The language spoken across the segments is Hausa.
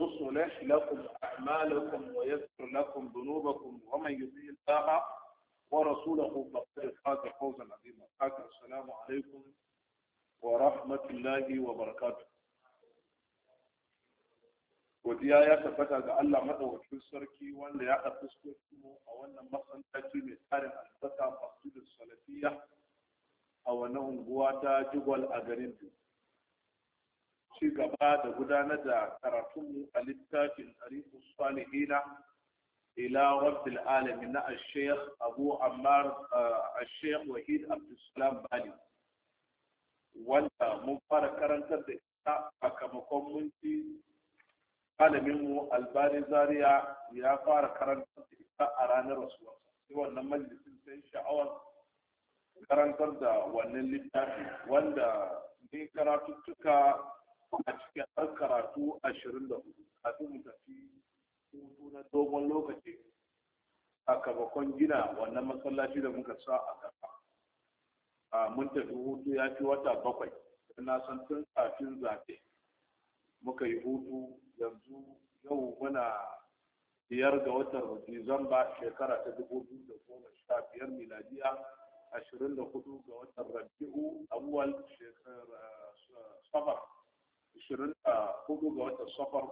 يصلح لكم أعمالكم ويذكر لكم ذنوبكم ومن يطيع الله ورسوله فقد فاز فوزا عظيما السلام عليكم ورحمة الله وبركاته godiya ya tabbata ga Allah madawacin sarki wanda ya haɗa sarki mu a wannan masallaci mai tsarin albasa masjidin salafiyya a wannan unguwa ta jigwal a garin Dutse ci gaba da gudanar da karatunmu a littafin tarihin salihina ila rabbil alamin na al-sheikh abu ammar uh, al-sheikh wahid abdulsalam bali wanda mun fara karantar da ita a kamakon munci malaminmu albani zaria ya fara karantar da ita a ranar rasuwa sai wannan majalisin sai sha'awar karantar da wannan littafi wanda ne karatuttuka a cikin har karatu ashirin da hudu kafin mu tafi hutu na dogon lokaci kabakon gina wannan masallaci da muka sa a gaba a mun tafi hutu ya fi wata bakwai na san tun kafin zaɓe muka yi hutu yanzu yau muna biyar ga watan disamba shekara ta dubu biyu da goma sha biyar miladiya ashirin da hudu ga watan rabi'u awwal shekara safar 24 ga watan safar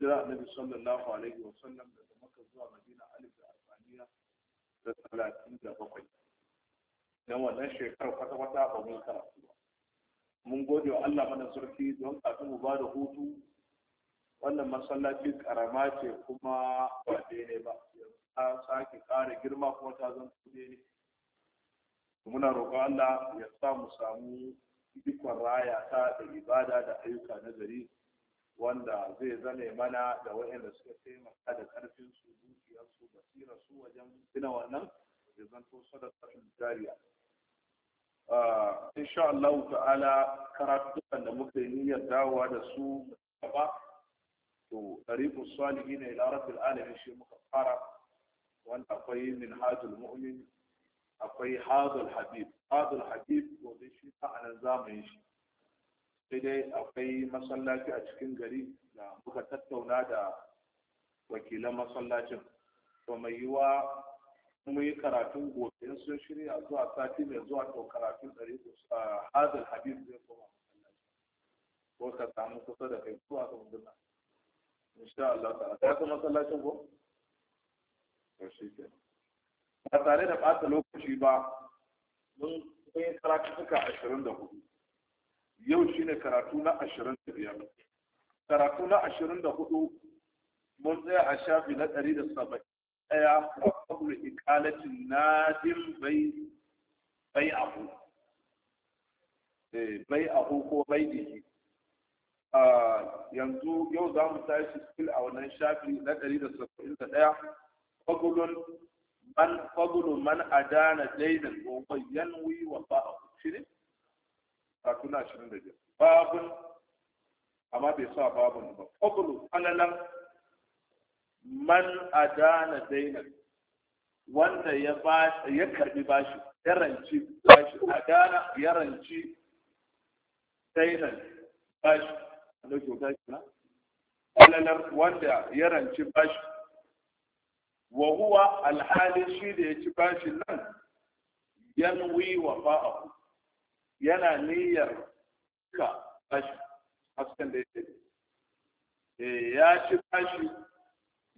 jira annabi sallallahu alaihi wa sallam daga makka zuwa madina alif da arba'ina da talatin da bakwai don wannan shekarar kwata-kwata ba mun karatu ba mun gode wa Allah mana sarki don kafin mu ba da hutu wannan masallaci karama ce kuma ba daidai ba ta sake kara girma kuma ta zan daidai ne muna roƙon Allah ya sa mu samu ikon raya ta da ibada da ayyuka nazari wanda zai zane mana da waɗanda suka taimaka da karfin su dukiyar su basira su wajen gina wannan da zanto sadaqatul jariya ah, insha Allah ta'ala karatukan da muka yi niyyar dawowa da su gaba to tariqus salihin ila rabbil alamin shi muka fara wanda akwai minhajul mu'min akwai hadul habib hadul hadith gobe shi ta anan zamani shi sai dai akwai masallaci a cikin gari da muka tattauna da wakilan masallacin to mai yiwa kuma yi karatun gobe sun shirya zuwa sati mai zuwa to karatun ɗari a hadul hadith zai koma ko ka samu kusa da kai zuwa ga mutuna insha Allah ta'ala ka masallacin ko to shi ke ba tare da ɓata lokaci ba mun sai karatuka ashirin da hudu yau shine karatu na ashirin da biyar karatu na ashirin da hudu mun tsaya a shafi na ɗari da saba'in ɗaya kwakwabul ikalatin nadim bai bai abu eh, bai abu ko bai jiki yanzu yau za mu tashi skill a wannan shafi na ɗari da saba'in da ɗaya kwakwabul man fadlu man adana daidan wa huwa yanwi wa ba'u shine ka tuna shirin da jiya babun amma bai sa babun ba fadlu alalan man adana daidan wanda ya ba ya karbi bashi ya ranci bashi adana ya ranci daidan bashi da kyauta kenan alalar wanda ya bashi wa huwa alhali shi da ya ci bashin nan yanwi wa fa'ahu yana niyyar ka bashi hasken da yake eh, ya ci bashi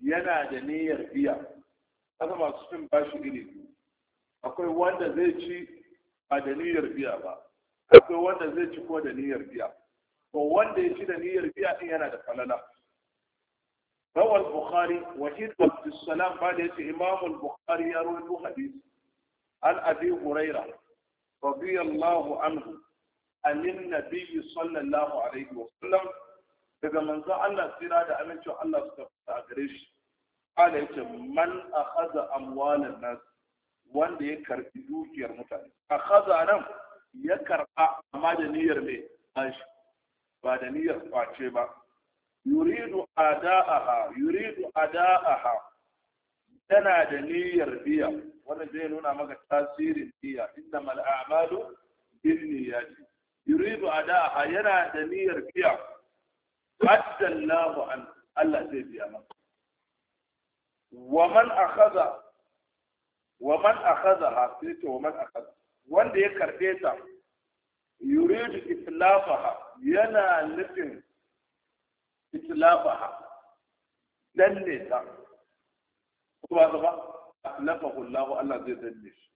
yana da niyyar biya kasa masu cin bashi ne, akwai wanda zai ci a da niyyar biya ba akwai wanda zai ci ko da niyyar biya to wanda ya ci da niyyar biya din yana da falala روى البخاري وحيد bada السلام بعد إمام البخاري يروي حديث عن أبي هريرة رضي الله عنه عن النبي صلى الله عليه وسلم daga manzon Allah tsira da amincin Allah suka fita gare shi Allah yake man wanda ya karbi dukiyar mutane akhadha nan ya karɓa. amma da niyyar me ba da niyyar kwace ba yuridu ada'aha yuridu ada'aha tana da niyyar biya wannan zai nuna maka tasirin biya inda mal'amalu bin niyyati yuridu ada'aha yana da niyyar biya qaddallahu an Allah zai biya maka wa man akhadha wa man akhadha sai to wa man akhadha wanda ya karbe ta yuridu itlafaha yana nufin itlafaha lalle ta ko ba ba atlafahu Allah Allah zai danne shi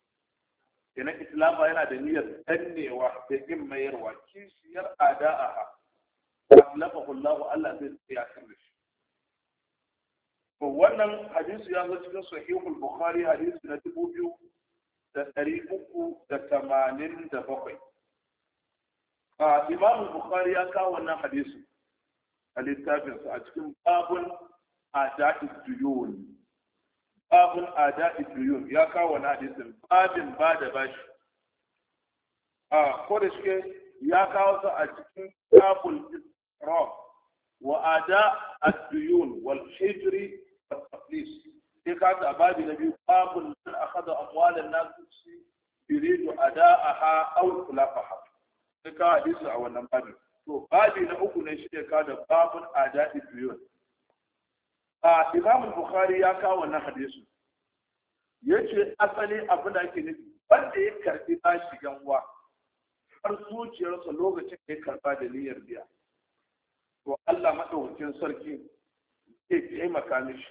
kenan itlafa yana da niyyar dannewa da kin mayarwa kishiyar ada'aha atlafahu Allah Allah zai tsaya da shi to wannan hadisi ya zo cikin sahihul bukhari hadisi na dubu biyu da ɗari uku da tamanin da bakwai. Imam Bukhari ya kawo wannan hadisi a littafinsa a cikin babun ada'id duyun babun ada'id duyun ya kawo na hadisin babin ba da bashi a kodai shi ya kawo sa a cikin babul isra wa ada ad-duyun wal hijri wa taflis sai ka ta babi na biyu babul man akhadha amwalan nas yuridu ada'aha aw khulafaha sai ka hadisi a wannan babin to babi na uku ne shi ne kada babun adadi biyun a imam bukhari ya kawo wannan hadisi yace asali abin da ake nufi wanda ya karbi shi ganwa har zuciyarsa lokacin da ya karba da niyyar biya to Allah madaukakin sarki zai taimaka mishi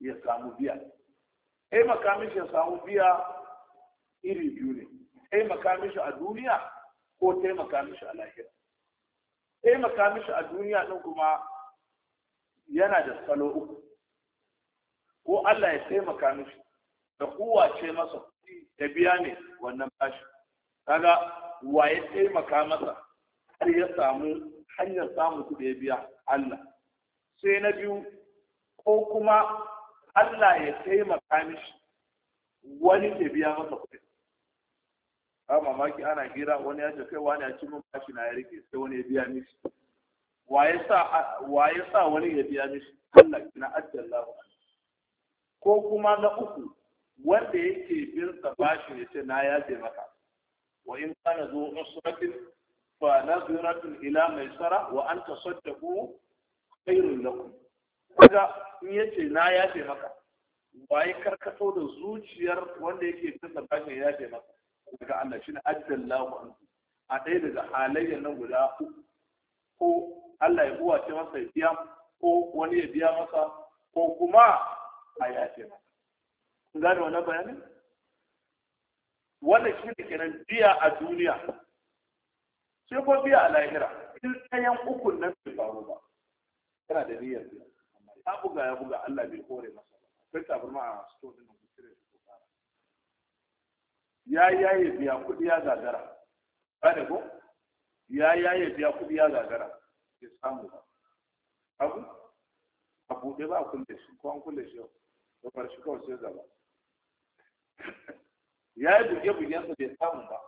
ya samu biya taimaka mishi ya samu biya iri biyu ne taimaka mishi a duniya ko taimaka mishi a lahira taimaka mishi a duniya ɗin kuma yana da salo uku ko Allah ya taimaka mishi da ce masa da biya ne wannan bashi kaga wa ya taimaka masa har ya samu hanyar samun su da ya biya Allah sai na biyu ko kuma Allah ya taimaka mishi wani ya biya masa kuɗi Ba mamaki ana hira wani ya ce kai wani ya ci min bashi na ya rike sai wani ya biya mishi waye sa wani ya biya mishi Allah na ajallahu ko kuma na uku wanda yake bin sa bashi ya ce na je maka wa in kana zu usratin fa naziratun ila maisara wa an saddaqu khairun lakum kaga in yace na je maka waye karkato da zuciyar wanda yake bin sa bashi ya je maka daga Allah shi ne addallahu an a ɗaya daga halayyar nan guda ko Allah ya buwa ce masa ya biya ko wani ya biya masa ko kuma a yafe masa kun gane wannan bayanin wannan shi ne kiran biya a duniya sai ko biya a lahira in ɗayan ukun nan bai faru ba yana da niyyar biya ya buga ya buga Allah bai kore masa ba kai tabarma a store din ya yaye biya kuɗi ya gagara ba da ko ya yaye biya kuɗi ya gagara ya samu ba abu a buɗe ba kun kulle shi ko an shi ba da shi kawai sai zaba ya yi buge bugensa bai samu ba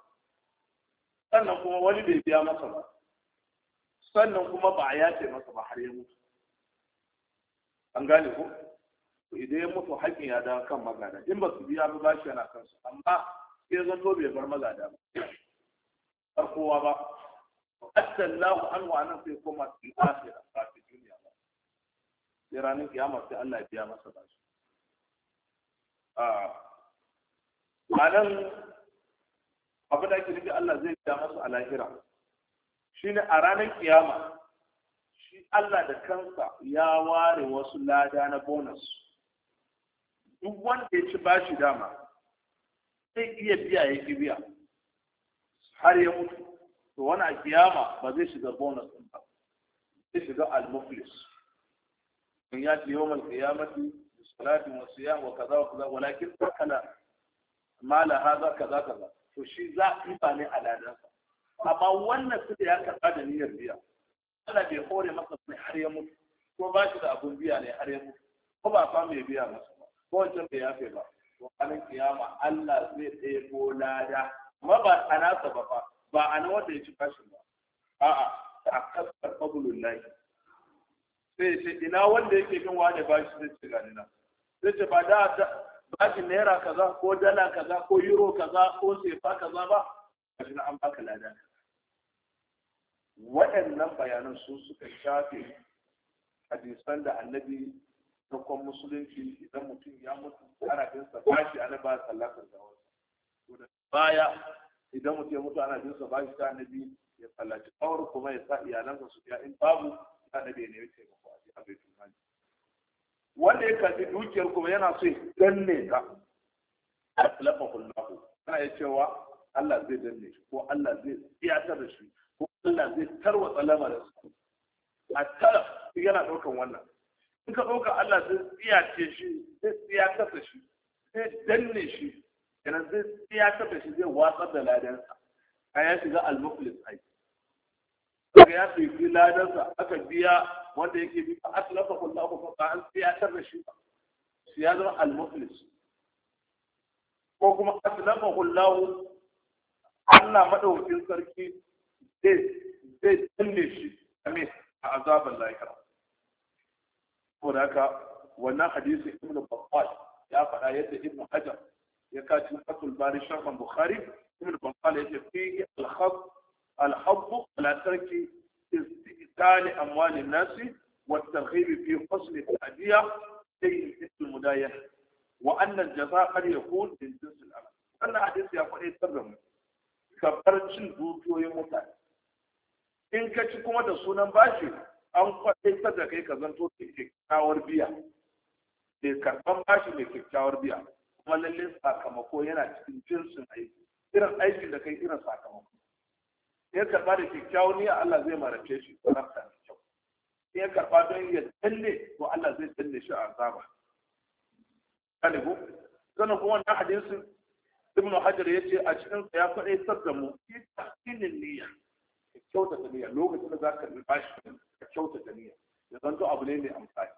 sannan kuma wani bai biya masa ba sannan kuma ba a yace masa ba har ya mutu an gane ko idan ya mutu haƙƙin ya dawo kan magana in ba su biya ba ba shi yana kansu amma sai zanto bai bar magada ba ba kowa ba asallahu an wa nan sai koma su akhira ba ta duniya ba sai ranar kiyama sai Allah ya biya masa ba shi a nan abu da ake nufi Allah zai biya masa a lahira shine a ranar kiyama shi Allah da kansa ya ware wasu lada na bonus duk wanda ya ci bashi dama Sai iya biya ya ki biya har ya mutu to wani a kiyama ba zai shiga bonus ɗin ba zai shiga al-muflis in ya ce yau mai kiyamati salatin wa siyam wa kaza wa kaza walakin takala mala haza kaza kaza to shi za a yi ne a ladansa amma wannan su da ya karɓa da niyyar biya Allah bai hore masa ne har ya mutu ko ba shi da abun biya ne har ya mutu ko ba fa mai biya masa ba ko wancan bai yafe ba to ranar kiyama Allah zai ko lada amma ba a nasa ba ba ba a nan wata ya ci fashin ba a'a a kasar fabulun lahi sai ce ina wanda yake kan wani bashi zai ce gani na zai ce ba da bashin naira kaza ko dala kaza ko euro kaza ko sefa kaza ba shi na an baka lada waɗannan bayanan su suka shafe hadisan da annabi sakon musulunci idan mutum ya mutu ana bin sa bashi ana ba sallatar da wasu baya idan mutum ya mutu ana bin sa bashi ta annabi ya sallaci kawar kuma ya sa iyalansa su biya in babu ta annabi ne yake mako a bai abai ne wanda ya karbi dukiyar kuma yana so ya danne ta aslafa kullahu ana ya cewa Allah zai danne shi ko Allah zai tsiyatar da shi ko Allah zai tarwatsa lamarin su a tara, yana daukan wannan in ka ɗauka Allah zai tsiyace shi zai tsiyakasa shi zai danne shi kenan zai tsiyakasa shi zai watsar da ladansa a ya shiga al-muflis ai ya tsaye ladansa aka biya wanda yake bi a aslafa kullahu fa an tsiyakar da shi shi ya zama al ko kuma aslafa kullahu Allah madaukakin sarki zai zai danne shi a azabar lahira saboda wannan hadisin ibn Babbal ya faɗa yadda ibn Hajar ya kaci fatul bari sharhan Bukhari ibn Babbal ya ce fi Alhabbu, khab al-habbu ala tarki istitali amwalin nasi wa targhib fi husn al sai al mudayah wa anna al-jaza qad yakun min jins al-amal wannan hadisi ya faɗi tar da kabar cin dukiyoyin mutane in ka ci kuma da sunan bashi an kwaɗaitar da kai ka zanto da kyakkyawar biya mai karɓar bashi mai kyakkyawar biya kuma lalle sakamako yana cikin jinsin aiki irin aiki da kai irin sakamako ya karɓa da kyakkyawar niyya Allah zai marace shi da rafta da kyau ya karɓa don ya danne to Allah zai danne shi a azaba kane ko sannan kuma wannan hadisin ibnu hajar yace a cikin ya faɗaitar da mu fi tahsinin niyya ka kyautata niyya lokacin da za ka karɓi bashi ka kyautata niyya ya zanto abu ne mai amfani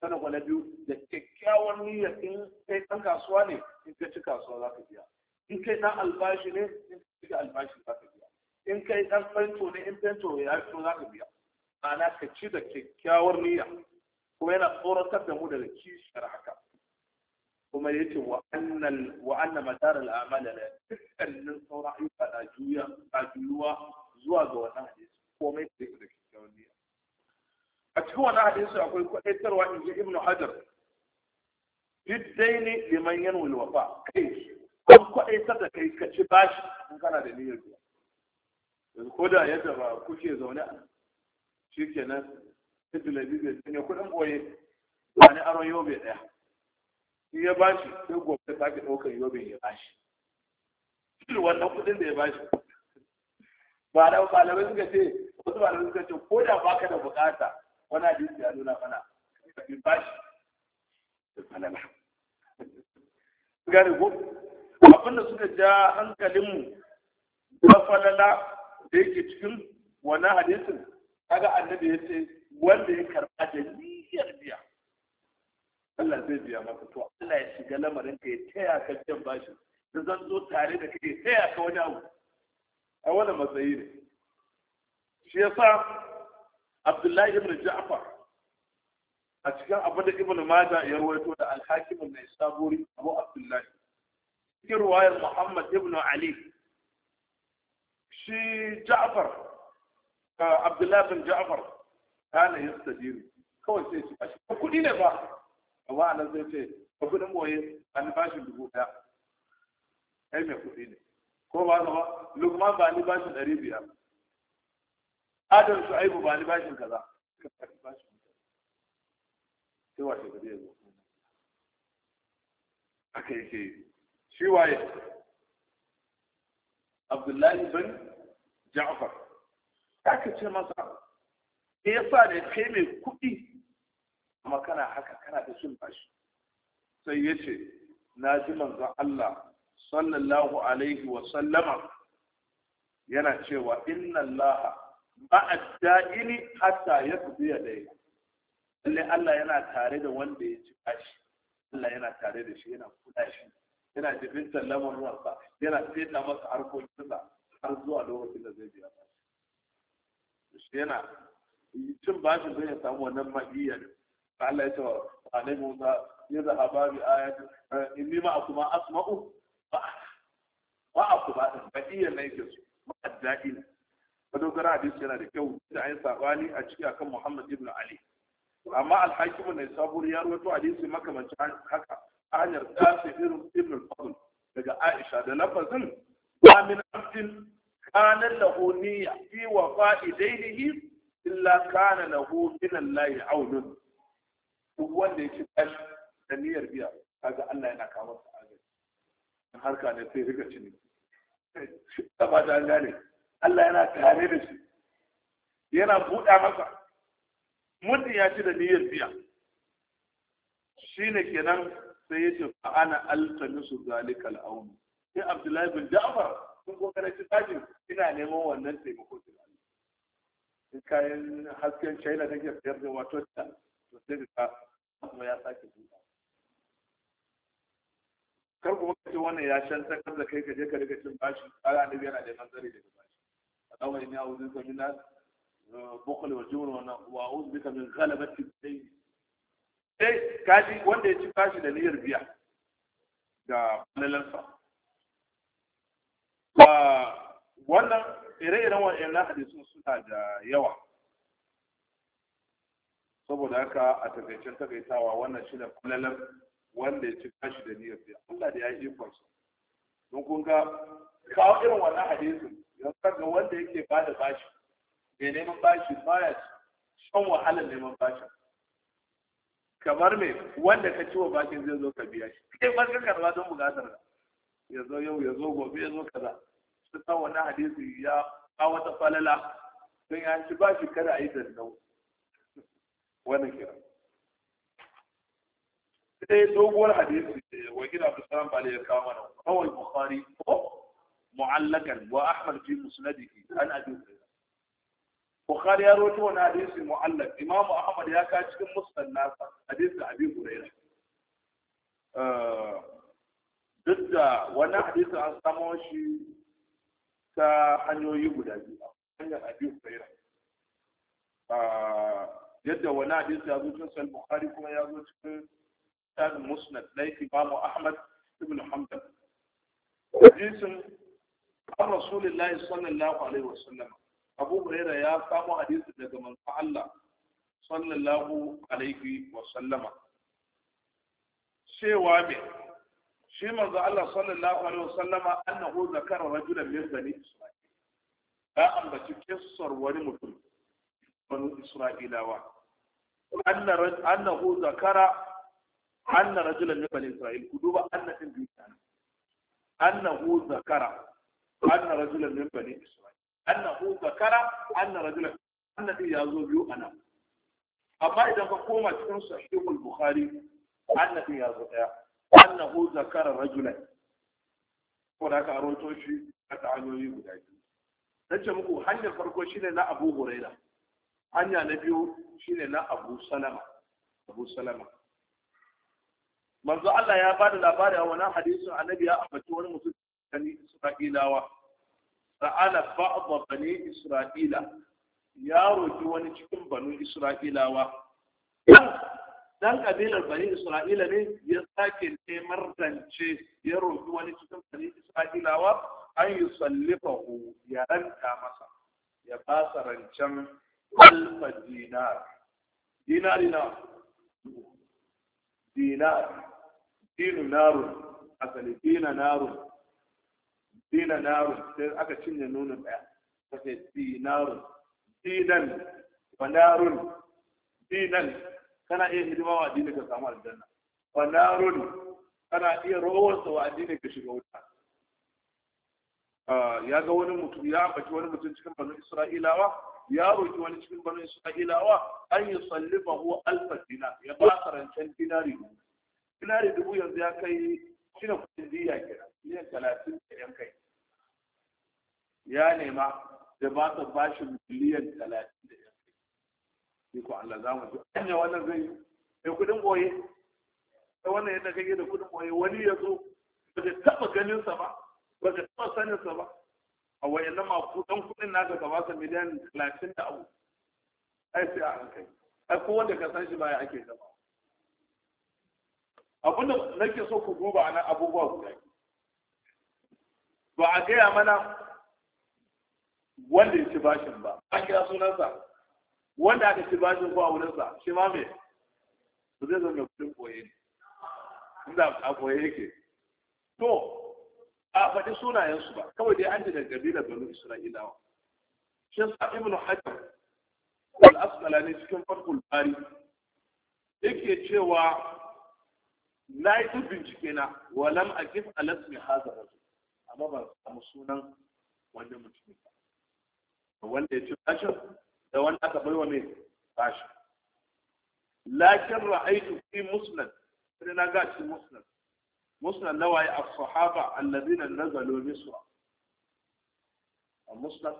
sana kwana biyu da kyakkyawan niyya in kai ɗan kasuwa ne in ka ci kasuwa za ka biya in kai ɗan albashi ne in ka ci albashi za ka biya in kai ɗan fento ne in fento ya fito za ka biya ma'ana ka ci da kyakkyawar niyya kuma yana tsoratar da mu daga kishiyar haka kuma ya ce wa annan matar al'amala da dukkanin sauran ayyuka na juya juyuwa zuwa ga wannan hadisi komai da yake da kyakkyawan niyya a cikin wannan hadisi akwai kwaɗaitarwa in ji ibnu hajar duk ne liman yan wulwafa kai an kwaɗaitar da kai ka ci bashi in kana da niyyar biya yanzu ko da yadda ba kuke zaune a shi kenan ta talabijin ne kuɗin ɓoye wani aron yobe ɗaya in ya bashi sai gobe ta ke ɗaukar yobe ya bashi shi wannan kuɗin da ya bashi malam malamai suka ce wasu malamai suka ce ko da baka da bukata wani hadisi ya nuna mana ka bi bashi da falala gane ko abinda suka ja hankalin mu na falala da yake cikin wani hadisin kaga annabi ya ce wanda ya karɓa da niyyar biya Allah zai biya maka to Allah ya shiga lamarin ka ya taya ka jan bashi da zan zo tare da kai ya taya ka wani abu A wannan matsayi ne shi ya sa abdullahi ibn ja'far a cikin abin da ibn mada ya rawaito da al-hakim mai saburi abu abdullahi cikin ruwayar muhammad ibn ali shi ja'far abdullahi Ibn ja'far kana yastadiru kawai sai shi ba kuɗi ne ba amma anan zai ce kuɗin moye an bashi dubu ɗaya ai mai kuɗi ne ko ba ba lukman ba ni bashin ɗari biyar adam shu'aibu ba ni bashin kaza sai washe gari ya zo aka yake shi waye abdullahi bin ja'far aka ce masa me yasa da kai mai kuɗi amma kana haka kana da sun bashi sai ya ce na ji manzon Allah sallallahu alaihi wa sallama yana cewa inna allaha ma'a da'ini hatta yaqdi yadayhi lalle Allah yana tare da wanda ya ci kashi Allah yana tare da shi yana kula shi yana jibintar lamarinsa yana feta masa harkokinsa har zuwa lokacin da zai biya ba shi yana cin bashi zai ya samu wannan ma'iyya Allah ya ce wa alaihi musa ya zahaba bi ayatin inni ma akuma asma'u ba a ku ba ba iya na yake su ma'addaɗi ne madogara hadisi yana da kyau da an yi a ciki akan muhammad ibn ali amma alhakimu ne sabuwar ya rawaito hadisi makamancin haka hanyar dace irin ibn al-fadl daga aisha da lafazin ba min abdin kana lahu niyya fi wa dainihi illa kana lahu min allahi aunun duk wanda yake tashi da niyyar biya kaga Allah yana kawo sa agaji harka ne sai riga cini ta fata an gane Allah yana tare da shi yana buɗa masa mutum ya ci da niyyar biya shi ne kenan sai ya ce fa ana altamisu zalika al-aun sai Abdullahi bin Ja'far sun kokare shi tajin ina neman wannan taimako din Allah kayan hasken China take sayar da wato ta to sai ka kuma ya sake buɗa kar kuma kace wannan ya shanta kar da kai ka je ka riga cin bashi ala annabi yana da manzari daga bashi Allahumma inni a'udhu bika min al-bukhl eh, wal jur wa a'udhu bika min ghalabati ad-dayn eh kaji wanda ya ci bashi da niyyar biya ga malalansa ba wannan ire-iren wa'annan hadisun suna da yawa saboda haka a takaicen takaitawa wannan shi ne falalar wanda ya ci kashi da niyyar biya Allah da ya yi ikonsa don kun ga kawo irin wannan hadisi. yanzu kaga wanda yake ba da bashi mai neman bashi baya shan wahalar neman bashi. kamar me wanda ka ci wa bashi zai zo ka biya shi kai ba ka karba don bukatar ka ya zo yau ya zo gobe ya zo kaza su kan wannan hadisi ya kawo ta falala don ya ci bashi kada a yi dandau wannan kiran sai doguwar hadisi wa gina abu salam ba ya kawo mana kawai bukhari ko mu'allakan wa ahmad fi musnadihi an abi bukhari ya rawaito wani hadisi mu'allak imam ahmad ya ka cikin musnad nasa hadisi abi hurairah eh, duk da wannan hadisi an samo shi ta hanyoyi guda biyu hanyar abi hurairah eh, yadda wani hadisi ya zo cikin sahih bukhari kuma ya zo cikin ta musnad na imamu ahmad ibn hanbal hadisin an rasulillahi sallallahu alaihi wasallam abu hurairah ya samu hadisi daga manzo Allah sallallahu alaihi sallama. cewa me shi manzo Allah sallallahu alaihi wasallama annahu zakara rajulan min bani isra'il ya ambaci kissar wani mutum bani isra'ilawa annahu zakara anna rajulan min bani isra'il ku duba anna din biyu kenan hu zakara anna rajulan min bani isra'il hu zakara anna rajulan anna din yazo biyu ana amma idan ka koma cikin sahihul bukhari anna din yazo daya hu zakara rajulan ko da ka roto shi a ta hanyoyi guda biyu nace muku hanyar farko shine na Abu Huraira hanya na biyu shine na Abu Salama Abu Salama manzo Allah ya bada labari a wannan hadisin annabi ya ambaci wani mutum kan Isra'ilawa sa'ala ba'd bani Isra'ila ya roki wani cikin banu Isra'ilawa dan kabilar bani Isra'ila ne ya sake taimar rance ya roki wani cikin bani Isra'ilawa an yi sallifahu ya ranta masa ya fasa rancen alfa dinar dinari dinar dinu narun asali dina narun dina narun sai aka cinye nunin daya ta ce dinarun dinan wa narun dinan kana iya hidima wa addini ka samu aljanna wa narun kana iya rowarsa wa addini ka shiga wuta ah, ya ga wani mutum ya baki wani mutum cikin banu isra'ilawa ya roki wani cikin banu isra'ilawa an yi sallifa ko alfa dina ya ba rancen dinari dubu dinari dubu yanzu ya kai shine kudin diya kenan miliyan talatin da yan kai ya nema da ba ta bashi miliyan talatin da yan kai shi ko Allah za mu ji wannan zai yi kudin boye ta wannan yadda kake da kudin boye wani ya zo ba ka taɓa ganinsa ba ba ka taɓa saninsa ba a wayannan maku kudin kuɗin naka ka basa miliyan talatin da abu ai sai a hankali ai ko wanda ka san shi ya ake zama abinda nake so ku duba nan abubuwa guda ba a gaya mana wanda ya ci bashin ba a kira sunansa wanda aka ci bashin ko a wurinsa shi ma me ba zai zama kudin koye ne inda a koye yake to a faɗi sunayensu ba kawai dai an ji daga kabilar bani isra'ilawa shi sa ibnu hajar wal asqalani cikin farkul bari yake cewa na yi duk bincike na walam a kif alas mai hazara amma ba samu sunan wanda mutum ba wanda ya ci bashin da wanda aka bai wa mai bashin lakin ra'aitu fi musnad sai na ga cikin musnad musnad nawaye as-sahaba alladhina nazalu misra a musnad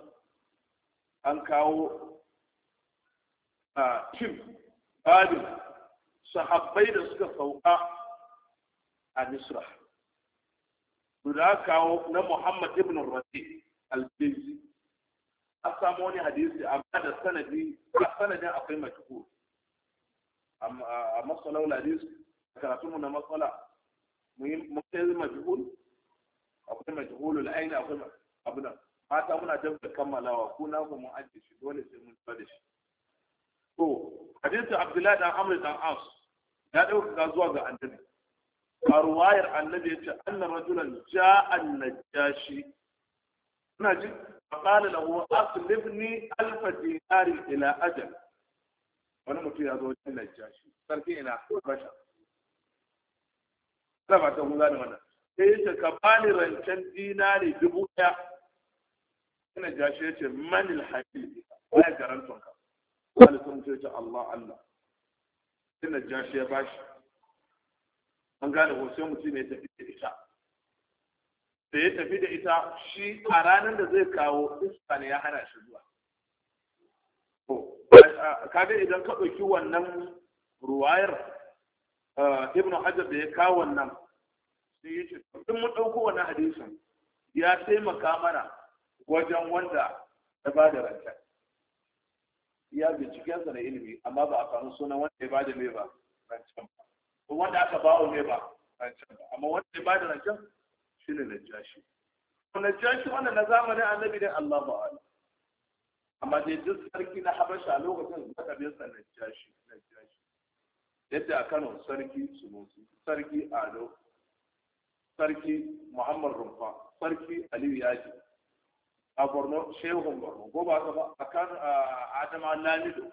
an kawo a kim babin sahabbai da suka sauka a misra guda kawo na muhammad ibn rafi al-bizi a samu wani hadisi amma da sanadi a sanadin akwai mashhur a matsalar hadisi karatunmu na matsala mun sai mashhur akwai majhulul aini akwai abuna mata muna dab da kammalawa ko na ku mun shi dole sai mun tsare shi to hadisi abdullahi dan amr dan as ya dauka zuwa ga annabi a ruwayar annabi ya ce annan rajulan ja'an najashi ina ji faƙala da huwa aslibni alfa dinari ila ajal wani mutum ya zo wajen najashi sarki ina ko rasha ina ba ta gula da wannan sai ya ce ka bani rancen dinari dubu ɗaya ina jashi ya ce manil haƙi waya garantonka wani sun ce Allah Allah ina jashi ya bashi an gane ko sai mutum ya tafi da ita da ya tafi da ita shi a ranar da zai kawo iska ne ya hana shi zuwa kaga idan ka ɗauki wannan ruwayar eh, ibnu hajar da ya kawo wannan sai ya ce in mun ɗauko wannan hadisin ya taimaka mana wajen wanda ya ba da ranta ya bincikensa na ilimi amma ba a samu sunan wanda ya ba da mai ba rancen ba to wanda aka ba ne ba rancen ba amma wanda ya ba da rancen shi ne najashi najashi wanda na zamanin annabi ne Allah ba'ala amma dai duk sarki na habasha a lokacin matsabinsa najashi najashi yadda a kano sarki su sunusi sarki ado sarki muhammad rumfa sarki aliyu yaji a borno shehun borno ko ba ba a kan adama lamido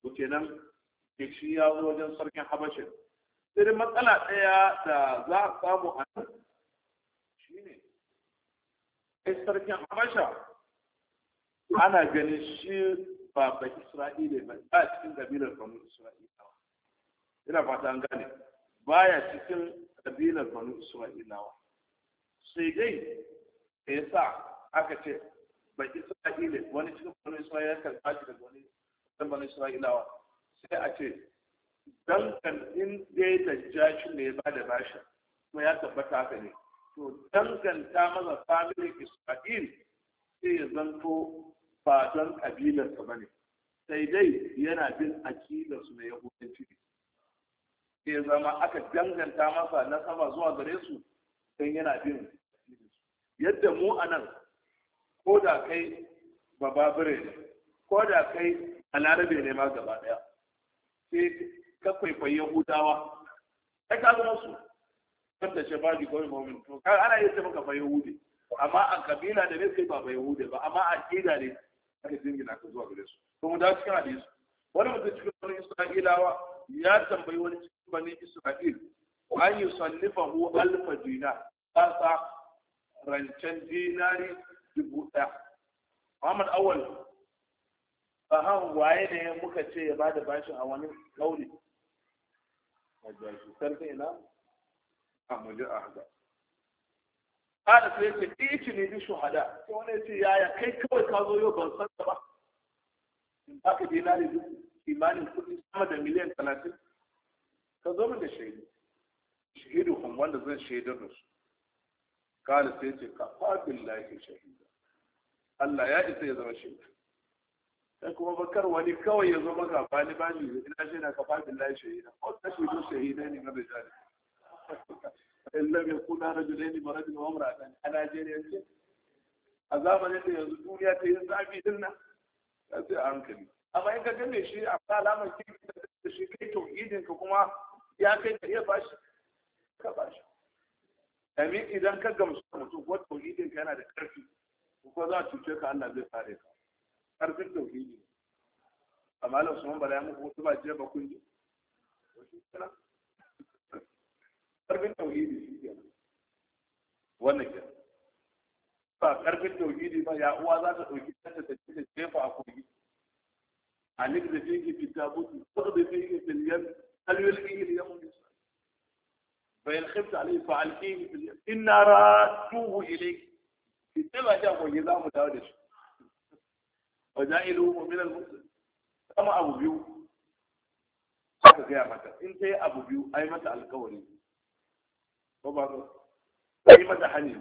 ko ke shi ya wajen sarkin habashin sai matsala ɗaya da za a samu a nan shi ne ai sarkin habasha ana ganin shi ba ba isra'ila ba ba cikin kabilar banu isra'ila ina fata an gane ya cikin kabilar banu isra'ilawa sai dai ya sa aka ce ba isra'ila wani cikin banu isra'ila kan tashi daga wani cikin banu isra'ilawa sai a ce dan kan in dai shi ne ya ba da bashi kuma ya tabbata haka ne to danganta maza family isra'il sai ya zanto ba don kabilarsa ba ne sai dai yana bin akidarsu na yahudanci ne sai zama aka danganta masa na sama zuwa gare su don yana bin yadda mu a nan ko da kai Babbare ne ko da kai a ne ma gaba daya ka kwaikwayi yahudawa ai ka zama su kan da shabadi kawai mu'min to ka ana yin maka fa yahudi amma a kabila da ne kai ba ba yahudi ba amma a kida ne aka jingina ka zuwa gare su to mu da cikin hadisi wani mutum cikin wani isra'ilawa ya tambayi wani cikin bani isra'il an yi sannifahu alfa dinar kasa rancen dinari dubu ɗaya Muhammad Awal ba han waye ne muka ce ya bada bashin a wani kauli najashi sarfin na, a muli a haɗa ana sai ce ɗiki ne bi shuhada sai wani ce yaya kai kawai ka zo yau ban san ka ba in ba ka dinari duk imanin kuɗi sama da miliyan talatin ka zo min da shaidu shahidu kun wanda zan shaidar da su kala sai ce ka fa billahi shahida Allah ya isa ya zama shaida da kuma bakar wani kawai ya zo maka bani bani ina shi oh, na kafa billahi shahida wata shi zo shahida ne ga bijali in lam yakuna rajulaini marajul wa imra'atan a Najeriya ce a zamanin da yanzu duniya ta yi zafi din nan sai hankali amma in ka gane shi a ba alamar kirki da shi kai tauhidin ka kuma ya kai ka iya bashi ka bashi Amin idan ka gamsu mutum ko tauhidin ka yana da karfi ko za a cuce ka Allah zai fare ka karfin tauhidi a Allah Usman Bala ya muku wasu ba jiya ba kun ji karfin tauhidi shi ke wannan ke ba karfin tauhidi ba ya uwa za ta dauki ta ta ta jefa a kogi anik da fiye fi tabuti ko da fiye fi yan halwal ihil ya mun فإن خفت عليه فألقيه في اليم إنا رادوه إليك في السبع جاء وجزاه متواجد wa ja'iluhu min al-muslim kama abu biyu aka gaya mata in ta yi abu biyu ai mata alkawari ko ba ko ai mata hani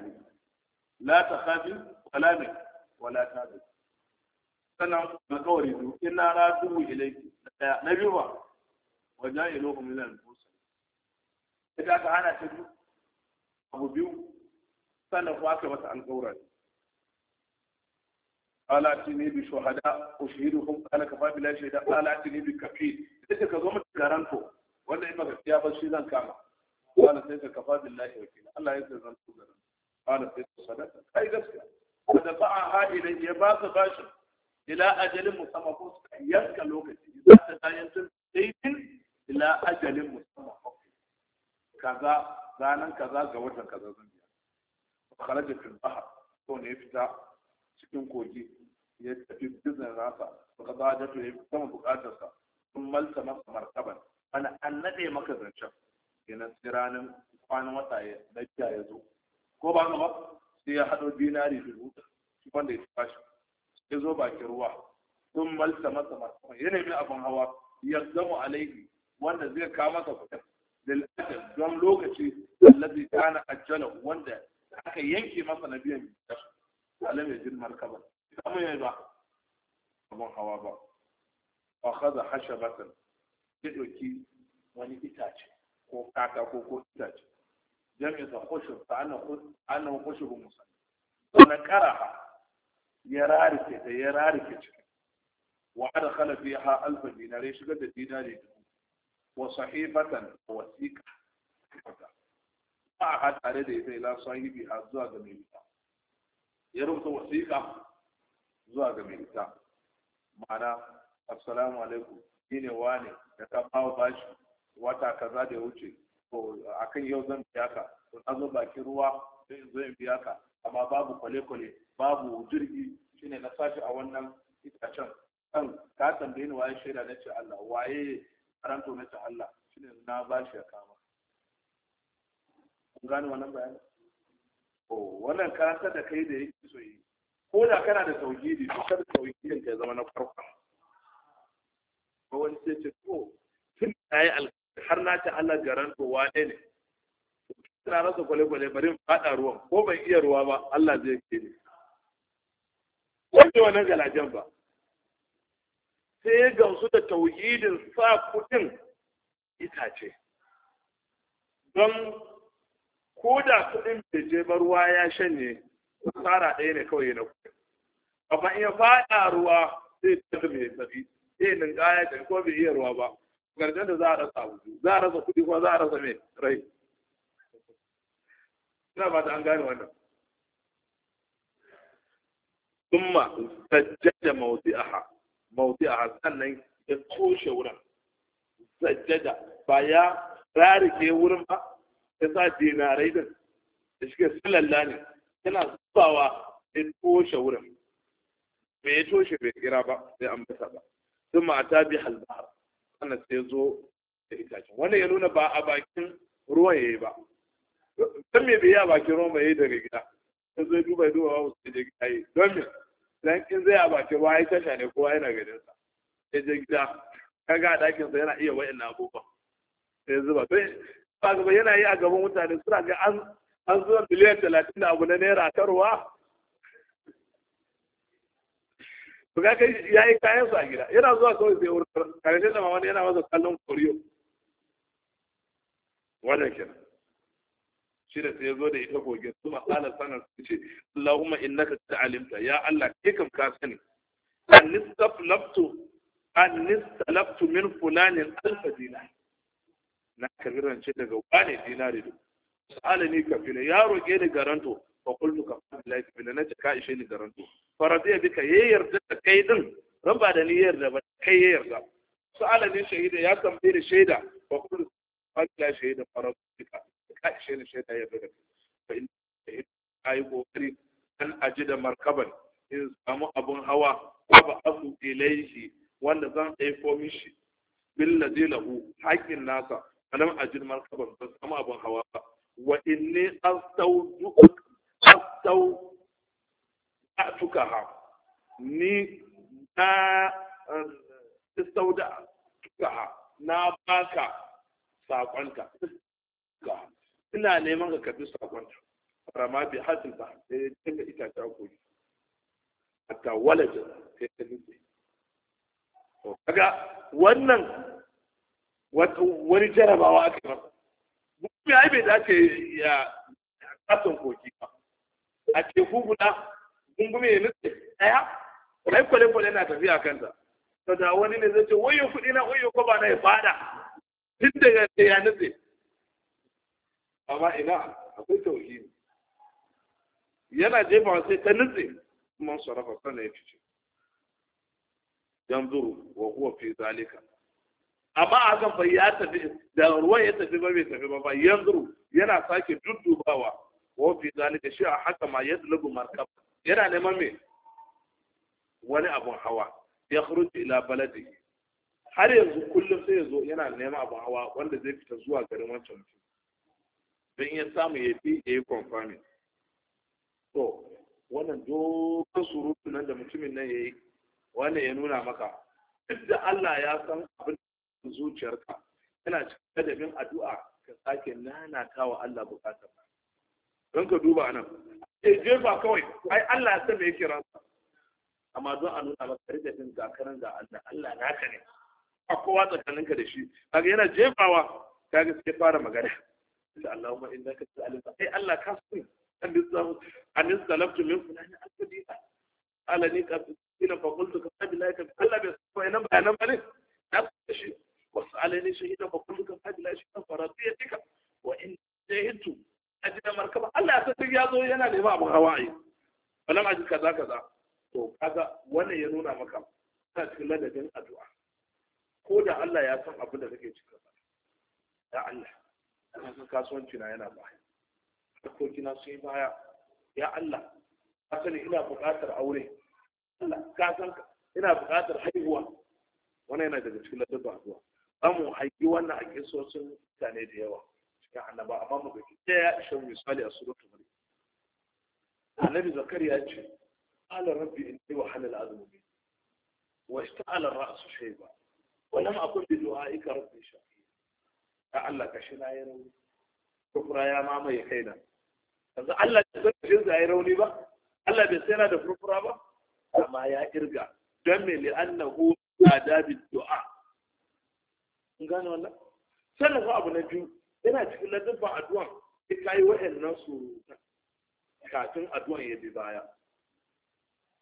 la ta khafi wala ne wala ta bi sannan alkawari du. ina radu ilayki na biyu fajailu wa min al-muslim idan ka hana ta biyu abu biyu sannan ko aka mata alkawari قال اتني بشهداء اشهدهم قال كفى بلا شهداء قال bi kafi? sai ka zo mu garanto wanda in baka ya bar shi zan kama قال sai ka kafa billahi wakila Allah ya zanto garan قال sai ka sadaka kai gaskiya wa dafa'aha ilayhi ya ba ka bashi ila ajalin musamman ko suka yanka lokaci za ta tayantar daidin ila ajalin musamma kaza ranan kaza ga watan kaza zan biya da fil bahr to ne fita cikin kogi ya tafi bizin nasa baka ba da ya sama bukatarsa sun malta masa martaban ana an nade maka zancen kenan tsiranin kwanan wata ya lafiya ya zo ko ba ba sai ya haɗo dinari dubu shi wanda ya tashi ya zo bakin ruwa sun malta masa martaban ya abin hawa ya zama alaihi wanda zai kawo masa kuɗin lil'ajal don lokaci allazi kana ajjala wanda aka yanke masa na biyan alam ya jin markaban samu yayi ba abin hawa ba a kaza hasha batan ya ɗauki wani itace ko katako ko itace jami'a ta kushin ta annan kushin bin musamman sannan karaha ya rarike ta ya rarike cikin wa ada khala fiha alfa dinare shigar da dinare dubu wa sahifatan wasiqa ba a tare da ita ila sahibi har zuwa ga mai ya rubuta wasiƙa? zuwa ga mai ita ma'ana assalamu alaikum ne wane da ka bawa bashi wata kaza da ya wuce Ko a kan yau zan biya ka Ko na zo bakin ruwa sai in zo in biya ka amma babu kwale-kwale babu jirgi Shi ne na sashi a wannan itacen kan ka tambaye ni waye shaida na ce Allah waye karanto na ce Allah Shi ne na bashi ya kama kun gane wannan bayanin wannan karantar da kai da yake so yi ko da kana da tauhidi to kada tauhidin ka zama na farko ko wani sai ce ko tun nayi har na ta Allah garan to wane ne tana rasa kwale kwale bari in fada ruwan ko ban iya ruwa ba Allah zai ke ni da wannan galajen ba sai ya gamsu da tauhidin sa kudin itace don ko da kudin bai je ba ruwa ya shanye tsara ɗaya ne kawai na kuɗi amma in ya faɗa ruwa zai tafi mai tafi zai ninkaya ta ko bai iya ruwa ba garjan da za a rasa abu za a rasa kuɗi ko za a rasa mai rai ina ba ta an gane wannan summa sajjada a ha sannan ya toshe wurin sajjada ba ya rarike wurin ba ya sa dinarai din da shi ke silalla ne yana zubawa ya toshe wurin bai toshe bai kira ba sai an bata ba sun ta bi halbahar sannan sai zo da itacen wanda ya nuna ba a bakin ruwan ya yi ba don me bai yi a bakin ruwan bai yi daga gida sai zai duba duba ba sai je gida yi don me dan in zai a bakin ruwa ya tasha ne kowa yana ganin sa sai je gida kaga a dakin sa yana iya wa'annan abubuwa sai zuba sai ba yana yi a gaban mutane suna ga an an zuwa miliyan talatin da abu na naira tarwa su ga kai ya yi kayan su a gida yana zuwa kawai sai wurin karshe zama wani yana masa kallon koriyo wannan kenan shi da sai zo da ita goge su masala sanar su ce Allahumma innaka ta'alimta ya Allah ke kam ka sani an nistaflaftu an min fulanin alfa dinar na karbi rance daga wane dinari duk sa'alani kafila ya roƙe ni garanto fa qultu ka billahi kafila na ce ka ishe ni garanto faradiya bika ya da kai din ran ba da ni yarda ba kai ya yarda sa'alani shahida ya tambaye ni shaida fa qultu ka billahi shahida faradiya bika ka ishe ni shaida yarda da kai fa in ayi kokari an aji da markaban in samu abin hawa ba abu ilaihi wanda zan aiko mishi billadhi lahu haqqin nasa alam ajid markaban ba samu abun hawa ba Waɗanne inni astau atuka ha ni na da eh, ha na baka ina neman ka kabi sakonta rama bi hasil ba sai daga itace ko hatta walaja sai ta nufi kaga wannan wani jarabawa aka yi mutum ya bai dace ya kasan kogi ba a ce guguda gungume ya nutse ɗaya rai kwale-kwale na tafiya kanta to da wani ne zai ce wayo kuɗi na wayo ko ba na ya fada tun da ya nutse amma ina akwai tauhidi yana jefa sai ta nutse kuma sarrafa sannan ya fice yanzu wa huwa fi zalika amma hakan bai ya tafi da ruwan ya tafi ba bai tafi ba ba yanzu yana sake duddubawa ko fi zalika shi a haka ma yadlubu markab yana neman me wani abun hawa ya khuruji ila baladi har yanzu kullum sai ya zo yana neman abun hawa wanda zai fita zuwa garin wancan mutum don ya samu ya fi ya yi confirming to wannan dogon surutu nan da mutumin nan ya yi wannan ya nuna maka duk da Allah ya san abin da zuciyarka yana cikin adabin addu'a ka sake nana wa Allah bukatar don ka duba nan sai jefa kawai ai Allah ya san me yake ransa amma don a nuna maka ladabin zakaran ga Allah Allah naka ne a kowa tsakaninka da shi kaga yana jefawa kaga sai fara magana da Allahumma innaka ta'alifa ai Allah ka sani an nisamu an nisalaftu min fulani al-qadisa alani ka ila fa qultu ka billahi ka Allah bai so ina bayanan bane na shi wasu alaini shahidan ba kullu kan fadila shi kan farasiya tika wa in jahitu ajina markaba Allah ya san duk ya zo yana da abun hawa a yi. balam ajin kaza kaza to kaga wannan ya nuna maka ta cikin ladabin addu'a ko da Allah ya san abin da kake cikin sa ya Allah ka san kasuwanci na yana baya harkoki na sun yi baya ya Allah ka sani ina buƙatar aure Allah ka san ina buƙatar haihuwa wannan yana daga cikin ladabin addu'a za mu haƙi wannan haƙi sosin mutane da yawa cikin annaba amma mu gaji ta ya ishe mu misali a suratul maryam annabi zakariya ya ce qala rabbi inni wa halal azmu bi wa ista'ala ra'su shayba wa lam akun bi du'aika rabbi shaqiya ya Allah ka shi na yi rauni kufra ya mamaye kaina yanzu Allah bai san da ya rauni ba Allah bai sai na da furfura ba amma ya kirga don me li'annahu adabi du'a in gane wannan sannan abu na biyu yana cikin ladabba addu'an sai ka yi wa'annan surutan kafin addu'an ya bi baya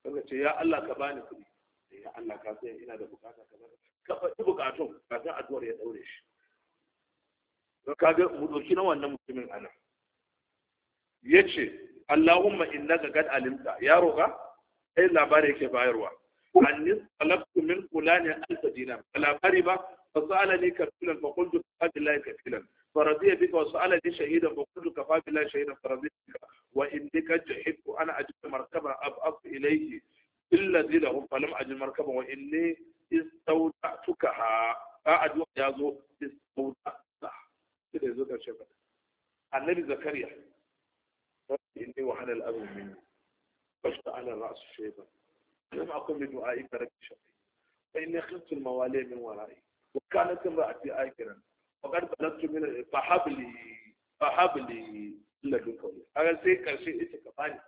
kaga ce ya Allah ka bani kuɗi eh, ya Allah ka san ina da bukata kamar ka faɗi bukatun kafin addu'ar ya daure shi don kaga mu ɗauki na wannan mutumin ana yace Allahumma innaka gad alimta ya roka ai labari yake bayarwa annis talabtu min fulani alf dinar labari ba فسألني كفيلا فقلت كفى بالله كفيلا فرضي بك وسألني شهيدا فقلت كفى بالله شهيدا فرضي بك وإن بك جحدت أنا أجد مركبا أبعث إليه إلا ذي لهم فلم أجد مركبا وإني استودعتكها أعد آه، وقت يازو استودعتها كده يزود الشباب النبي زكريا إني وحن الأذن مني على الرأس شيبا لم أقم بدعائك رب شقي فإني خفت الموالي من ورائي وكانت امرأتي آكرا وقد بلغت من فهب لي فهب لي لدنك سي كرشي إيش كفاني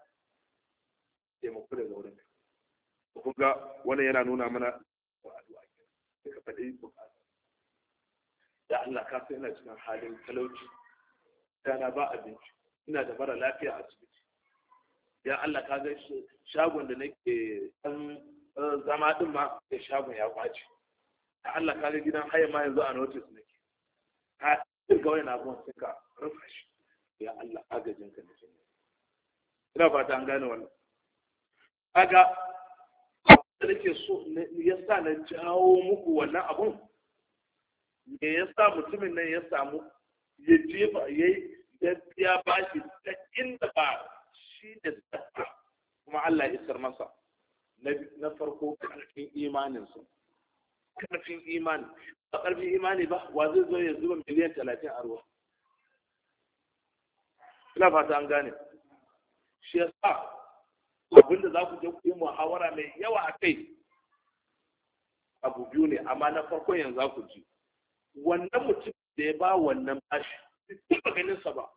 sai mu kula da وانا kun ga منا yana nuna mana da Allah ka san ina cikin halin talauci na ba abinci ina da mara lafiya a asibiti ya Allah ka ga shagon da nake ɗan zama ɗin ma shagon ya kwace a Allah ka ga gidan haya ma yanzu a notice nake ka ga wani na sai rufa ya Allah agajin ka ne ina fata an gane wannan kaga da nake so yasa na jawo muku wannan abun me yasa mutumin nan ya samu ya jefa ya ya ba shi ta inda ba shi da tsaka kuma Allah ya isar masa na farko karfin imaninsu karfin imani ba karfin imani ba wa zai zo ya zuba miliyan talatin a ruwa ina fata an gane shi ya sa abinda za ku je ku yi muhawara mai yawa a kai abu biyu ne amma na farko yanzu za ku ji wannan mutum da ya ba wannan bashi bai taɓa ganin sa ba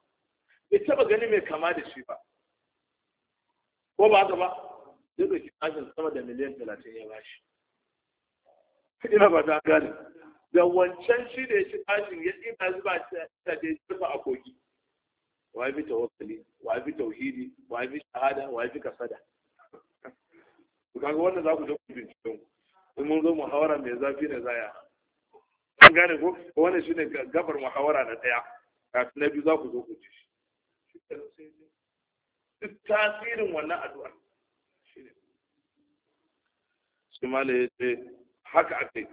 bai taɓa gani mai kama da shi ba ko ba haka ba zai ɗauki bashin sama da miliyan talatin ya bashi ina ba ta gane da wancan shi da shi ci ya ina zuba ta da ya zuba a kogi wa fi tawakkali wa fi tauhidi wa fi shahada wa fi kasada ku kaga wannan za ku je ku binciken ku mun zo muhawara mai zafi da zaya an gane ko wannan shine gabar muhawara na daya kafin na biyu za ku zo ku ji shi duk tasirin wannan addu'a shine shi ma ya haka ake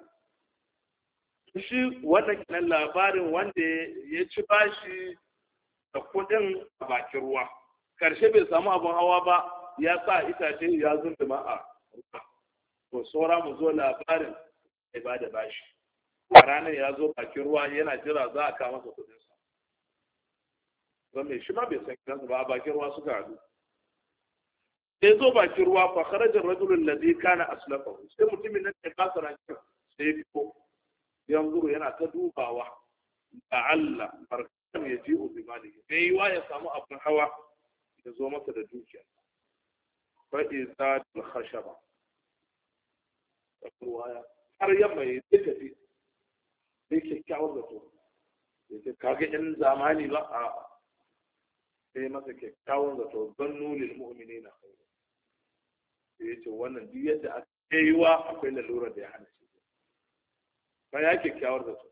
yi shi wannan kenan labarin wanda ya ci bashi da kudin bakin ruwa karshe bai samu abin hawa ba ya sa itace ya zunduma a ruwa to saura mu zo labarin ya ba da bashi ranar ya zo bakin ruwa yana jira za a kawo masa kudinsa don mai shi ma bai san gidansa ba a bakin ruwa suka haɗu sai zo bakin ruwa fa kharaja rajulun ladhi kana aslafa sai mutumin nan ya kasa rakin sai ya fito yanzu yana ta dubawa Allah barkan ya ji'u bi malihi sai wa ya samu abin hawa ya zo masa da dukiya fa idza al khashaba ruwaya har yamma ya tafi sai kyakkyawar zato sai ce kaga yan zamani ba a sai masa kyakkyawan zato don nulil mu'minina khairu sai ya ce wannan duk yadda aka akwai lalurar da ya hana shi ba ya kyakkyawar da su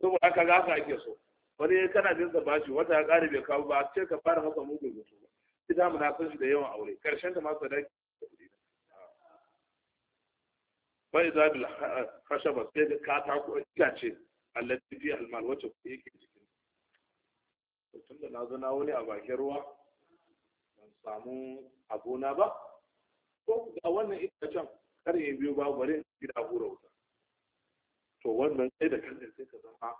saboda haka za ka ake so wani kana jin da bashi wata ya kare bai kawo ba ce ka fara masa mugun mutu ba ita na san shi da yawan aure karshen ta ma sadaki bai za bil khashaba sai da katako itace allati fi almal wacce ku yake cikin tun da na zo na wani a bakin ruwa ban samu abuna ba ko ga wannan itacen kar ya biyo ba bari gida hura wuta to wannan sai da kanka sai ka zama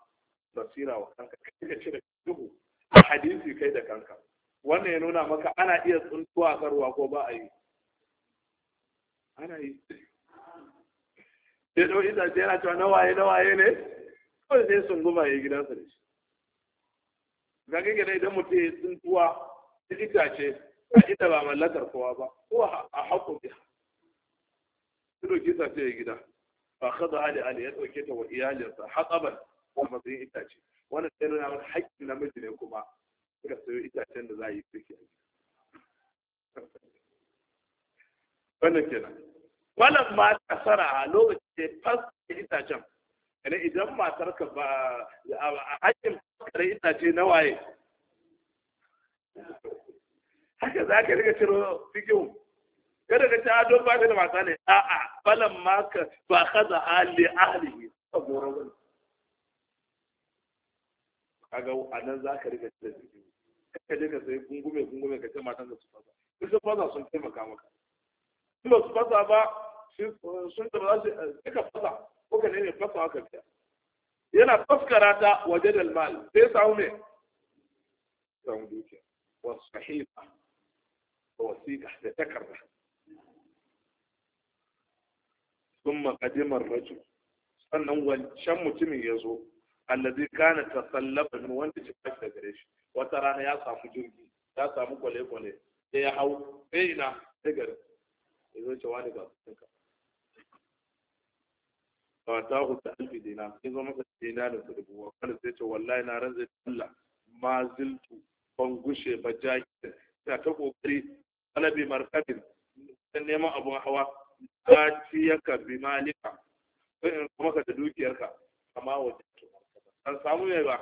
basira wa kanka kai ka cire duhu a hadisi kai da kanka wannan ya nuna maka ana iya tsuntuwa karwa ko ba a yi ana yi sai ita itace yana cewa na waye na waye ne ko sai sun guma ya gidansa da shi ga gaggada idan mutum ya tsuntuwa itace a ita ba mallakar kowa ba ko a haƙo biya su doki sa sai gida ba kaza hali ali ya ɗauke ta wa iyalinsa haƙaban a matsayin itace wani sai nuna haƙƙi haƙƙin namiji ne kuma suka sayo itacen da za a yi suke a gida wannan kenan wannan ma kasara a lokacin da fas itacen ne idan matar ka ba a haƙƙin faskare itace na waye haka za ka riga ciro fikihu kada ka ta ah, don ba ka da wasa ne a'a balan ma ka ba kaza hali ahlihi a goro ba kaga a nan za ka riga ciro fikihu ka je ka sai gungume gungume ka ce matan ka su fasa in sun fasa sun taimaka maka in ba su fasa ba sun da ba za su eh, suka fasa ko ka ne fasa haka biya yana faskara ta waje da mal sai samu me samu dukiya wasu sahifa da da takarda sun maƙadimar rajul sannan wancan mutumin ya zo allazi kana tasallaba min wanda ci kashi gare shi wata rana ya samu jirgi ya samu kwale-kwale sai ya hau sai ina sai gari ya zo cewa daga ba ta ku ta alfi dina sai zo masa dina da dubu wa kana sai ce wallahi na ranzai Allah ma ziltu ban gushe ba jaki ta ta kokari bi markabin don neman abun hawa ka yaka bi malika in kuma ka da dukiyarka amma wajen an samu ne ba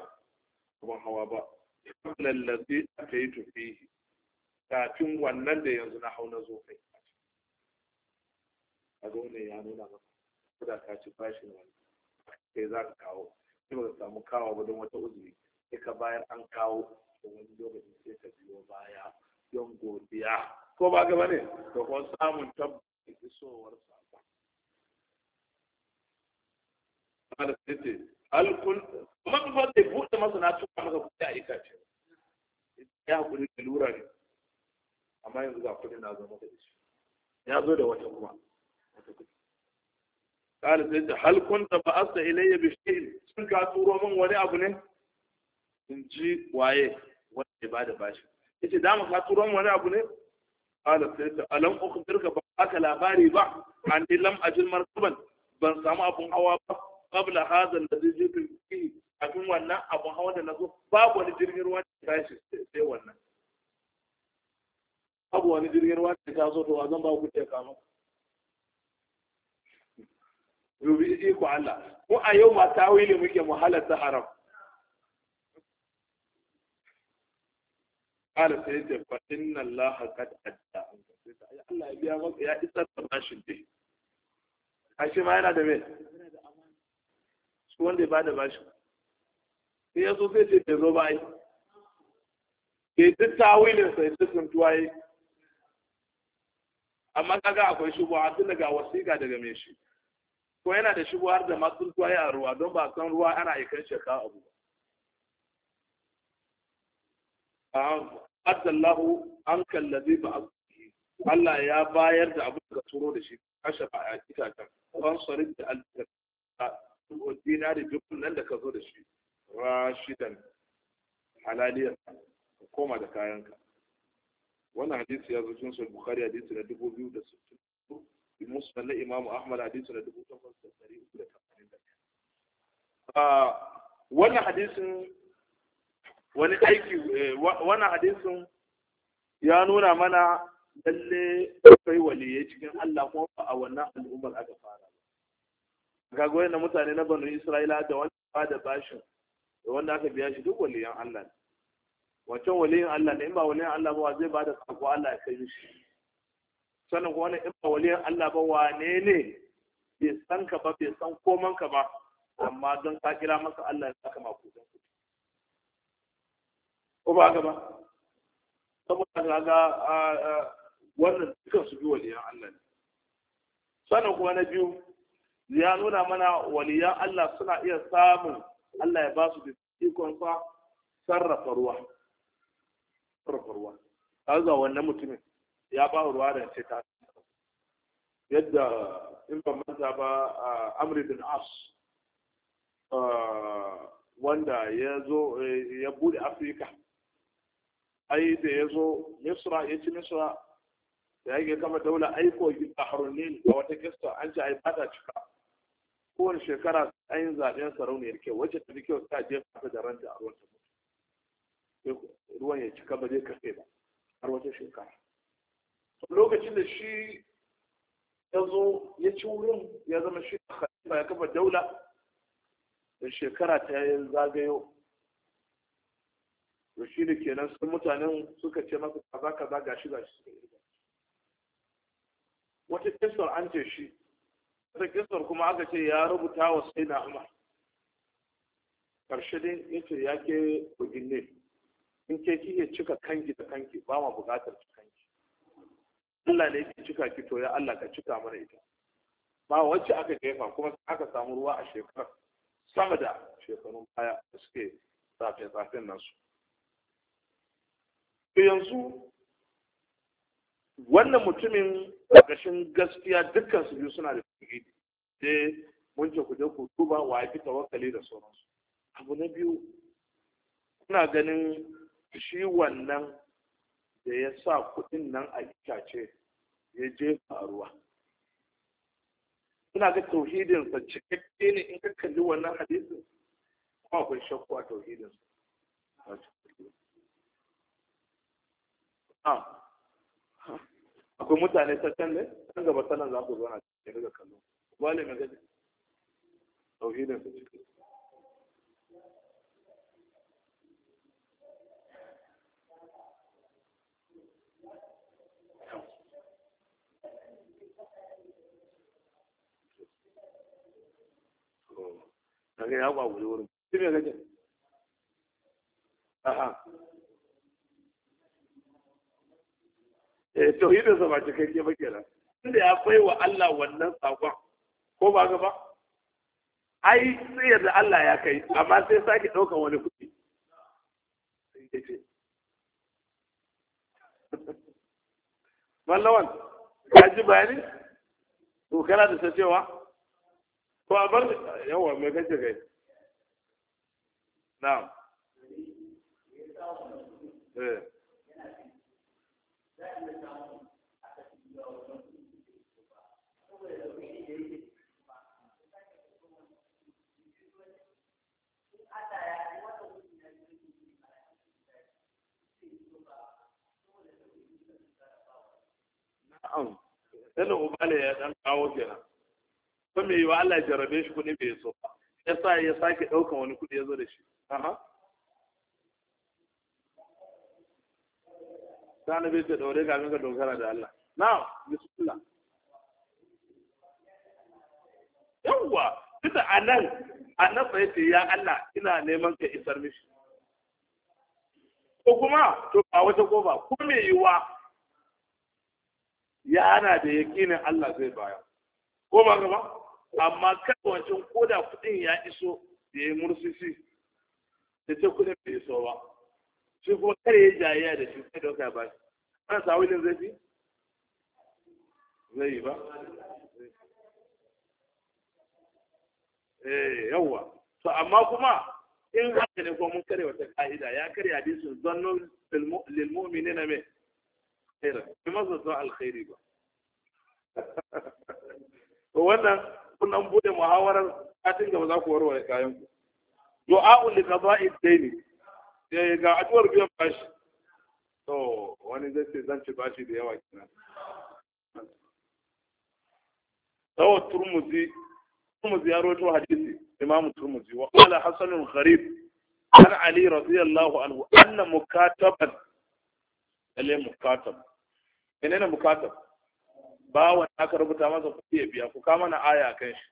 abun hawa ba wannan lazi a ta yi tufihi kafin wannan da yanzu na hau na zo kai a ga ya nuna ba. ko da ka ci bashin wani sai za ka kawo sai ba ka samu kawo ba don wata uzuri sai ka bayar an kawo da wani lokaci sai ka biyo baya don godiya ko ba gaba ne da kuma samun tabbata isowar sako Allah sai ce alkun man ba zai buɗe masa na tuka masa kuɗi a ce ya hakuri da lura ne amma yanzu ga kuɗi na zama da shi ya zo da wata kuma قال سيد هل كنت بأست إلي بشيء سنك أتورو من وني ابو ني ji waye وني ba da bashi yace da mu ka turo wani qala sai ta ba aka labari ba an lam ajil markaban ban samu abun hawa ba qabla hadha alladhi jitu bihi kafin wannan abun hawa da nazo babu wani jirgin ruwa da tashi sai wannan babu wani jirgin ruwa da ta zo to zan ba ku ta kama yobi iko Allah ko a yau ma tawili muke mu halatta haram قال سيدي فإن الله قد أدى عنك Allah ya biya maka ya isar da bashin dai ashe ma yana da me su wanda ba da bashin sai ya so sai ce bai zo ba ai ke eh, duk tawilin sai duk tuntuwa yi amma kaga akwai shubu a tun daga wasiƙa daga me shi ko yana da shubu har da masu tuntuwa a ruwa don ba san ruwa ana ikan shekaru abu ba adallahu an kallabi ba Allah ya bayar da abin da turo da shi kashe ba a itacen da dukkan nan da ka zo da shi rashidan halaliyar koma da kayanka wannan hadisi ya zo cikin bukhari hadisi na na imamu ahmad hadisi na wannan hadisin wani aiki eh, wani hadisin ya nuna mana lalle kai waliye cikin Allah kuma ba a wannan al'ummar aka fara ga goyen na mutane na banu Isra'ila da wani ba da bashin da wanda aka biya shi duk waliyan Allah ne wancan waliyan Allah ne in ba waliyan Allah ba zai ba da sako Allah ya kai shi sannan kuma in ba waliyan Allah ba wane ne bai san ka ba bai san koman ka ba amma don ka kira masa Allah ya saka makudan ko ba gaba ba saboda ga wannan dukkan su biyu waliyan Allah ne sannan kuma na biyu ya nuna mana waliyan Allah suna iya samun Allah ya ba su da ikon sa sarrafa ruwa sarrafa ruwa ga wannan mutumin ya ba ruwa da ce ta yadda in ban manta ba amri bin as wanda ya zo ya bude afirka ai da ya zo misra ya ci misra da yake kama daula aiko a harunin a wata kista an ce ai bata cika kowane shekara an yi zaɓen sarauniyar kyau wacce ta fi kyau ta je ta da ranta a ruwan mutu ruwan ya cika ba zai kafe ba har wata shekara lokacin da shi ya zo ya ci wurin ya zama shi a ya kafa daula da shekara ta yi zagayo to shi da kenan sun mutanen suka ce masa kaza kaza ga shi suka irga wata kisar an ce shi wata kisar kuma aka ce ya rubuta wa sai na umar karshe din ya ya ke bugin ne in ke kike cika kanki da kanki ba ma bukatar kanki Allah ne yake cika ki to ya Allah ka cika mana ita ba wacce aka jefa kuma aka samu ruwa a shekarar sama da shekarun baya da suke tsafe-tsafen nasu to yanzu wannan mutumin ƙarƙashin gaskiya dukkan su biyu suna da tauhidi sai mun ce ku je ku duba wa ya fi tawakkali da sauransu abu na biyu kuna ganin shi wannan da ya sa kuɗin nan a itace ya je faruwa suna ga tauhidinsa cikakke ne in ka kalli wannan hadisin kuma akwai shakku a tauhidinsa Ah. akwai mutane ta can ne can gaba sanar za ku zauna cikin daga kallo wale mai gaji tauhidin su ciki Daga oh. ya kwa wuri wurin. Shi mai gaji? Aha. Eh, tauhidin sa ba cikakke ba kenan inda ya bai wa Allah wannan sakon ko ba gaba ba ai sai yadda Allah ya kai amma sai sake ɗaukan wani kuɗi mallawan ka ji bayani to kana da cewa to a bar yawa mai kace kai na'am eh sanin ubale ya dan kawo kenan ko me yiwa Allah ya jarabe shi kudi bai so ya sa ya sake ɗaukan wani kuɗi ya zo da shi aha sani bai ce daure ga ka dogara da Allah na bismillah yawwa tunda a nan a nan ya ce ya Allah ina neman ka isar mishi ko kuma to ba wata ba ko me yiwa ya ana da yakinin Allah zai baya ko ba gaba amma kan wancan koda kudin ya iso da ya mursisi da ce kudin bai iso ba shi kuma kare ya jayayya da shi kai dauka ba shi sa sawilin zai fi zai ba eh yawa to amma kuma in haka ne ko mun kare wata ka'ida ya kare hadisin lilmomi lil mu'minina mai khairan ki masa zuwa alkhairi ba to wannan kun an bude muhawarar katin gaba za ku warware kayan ku du'a li qada'i daini sai eh, ga addu'ar biyan bashi to wani zai ce zan ci bashi da yawa kina sawa turmuzi turmuzi ya rawaito hadisi imamu turmuzi wa qala hasanun gharib an ali radiyallahu anhu anna mukataban lalle mukatab menene bukatar bawan aka rubuta masa kuɗi ya biya ku kama na aya kan shi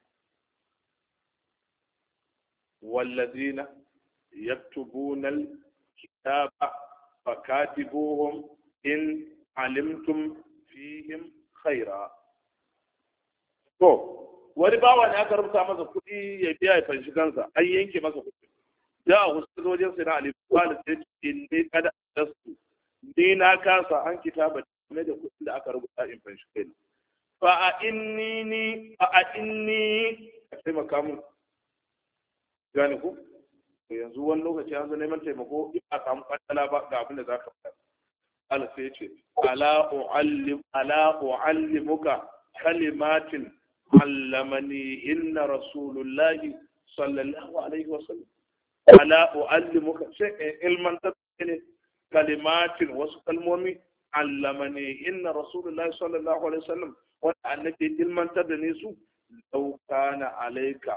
wallazina yaktubuna alkitaba fakatibuhum in alimtum fihim khaira to wani bawa ne aka rubuta masa kuɗi ya biya ya fanshi kansa an yanke masa kuɗi da a wasu wajen sai na alifu ba da sai inni kada dasu ni na kasa an kitaba kuma da kuɗin da aka rubuta in fanshi kaina fa a inni ni fa a inni taimaka gane ku yanzu wani lokaci an zo neman taimako in a samu fatala ba ga abin da za ka faɗa sai ce ala uallim ala uallimuka kalimatin allamani inna rasulullahi sallallahu alaihi wasallam ala uallimuka sai ilmantar ne kalimatin wasu kalmomi allamani inna rasulullahi sallallahu alaihi wasallam wanda annabi ilmantar da ne su law kana alayka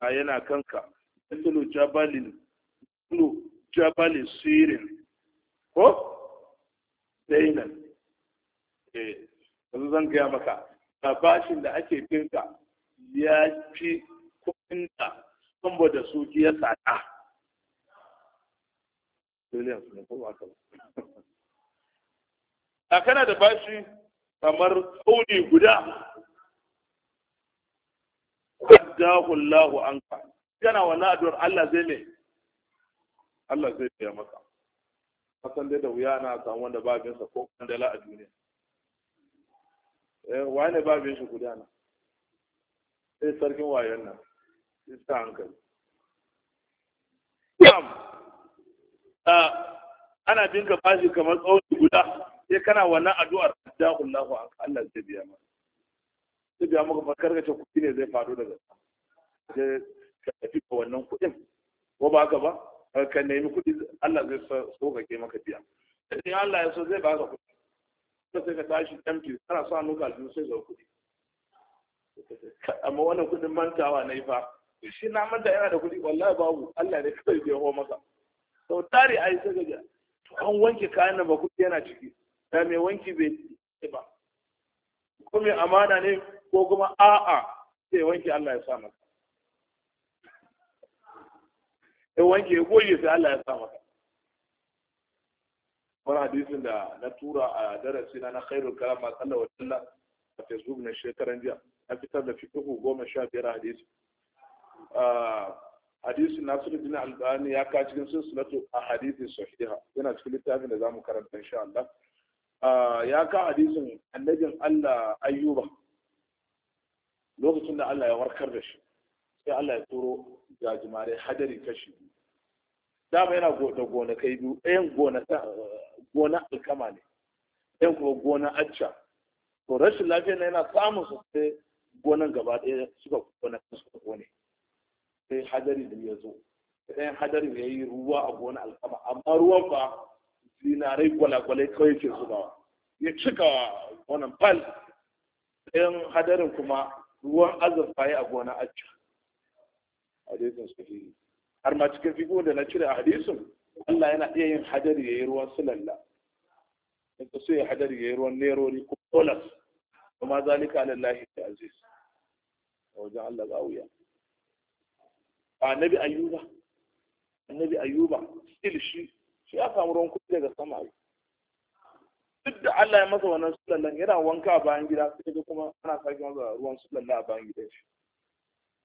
a yana kanka mithlu jabalin mithlu jabal sirin ko dainan eh zan gaya maka bashin da ake binka ya fi kuɗin da saboda su ya sada Williams ne ko ba. a kana da bashi kamar tsauni guda kaddahu an ka kana wannan addu'ar Allah zai ne Allah zai ya maka kasan dai da wuya na samu wanda babin sa ko kandala a duniya eh ba babin shi guda na sai sarkin wayan nan sai ta hankali ah, ana binka bashi kamar tsauni guda sai kana wannan addu'ar da Allahu an Allah ya biya maka zai biya maka farkar ga kuɗi ne zai faɗo daga sai ka tafi da wannan kuɗin ko ba ka ba ka nemi kuɗi Allah zai so ka ke maka biya sai Allah ya so zai ba ka kuɗi sai ka tashi tamki. kana sa nuka aljihu sai ga kuɗi amma wannan kuɗin mantawa na yi fa shi na manta yana da kuɗi wallahi babu Allah ne kawai zai ho maka sau tari a yi sai ga an wanke kayan da ba kuɗi yana ciki da mai wanki bai ci ba ko mai amana ne ko kuma a'a sai wanki Allah ya sa maka in wanki ya goge sai Allah ya sa maka wani hadisin da na tura a darasi na na khairul kalam ma sallah wa sallah a facebook na shekaran jiya na fitar da fikihu goma sha biyar hadisi hadisi nasiru bin albani ya ka cikin sunatu a hadisi sahiha yana cikin littafin da zamu karanta insha Allah ya ka hadisin annabin Allah ayyuba lokacin da Allah ya warkar da shi sai Allah ya turo jajimare hadari kashi dama yana da kai biyu ɗayan gona alkama ne ɗayan kuma gona acca to rashin lafiya na yana samun su sai gonan gaba ɗaya suka gona suka gone sai hadari da ya zo ɗayan hadari da ya yi ruwa a gona alkama amma ruwan ba dinarai gwalagwalai kawai ke zubawa ya cika wannan pal ɗayan hadarin kuma ruwan azurfa ya a gona ajiyar hadisin fi har ma cikin fi da na cire a hadisin Allah yana iya yin hadari ya yi ruwan sulalla in ka soya ya hadari ya yi ruwan nerori ko dolas kuma zalika alallahi da aziz a wajen Allah za wuya ayuba. A nabi ayuba still shi shi ya samu ruwan kudi daga sama duk da Allah ya masa wannan sulallan yana wanka a bayan gida sai ga kuma ana sake masa ruwan sulallan a bayan gida shi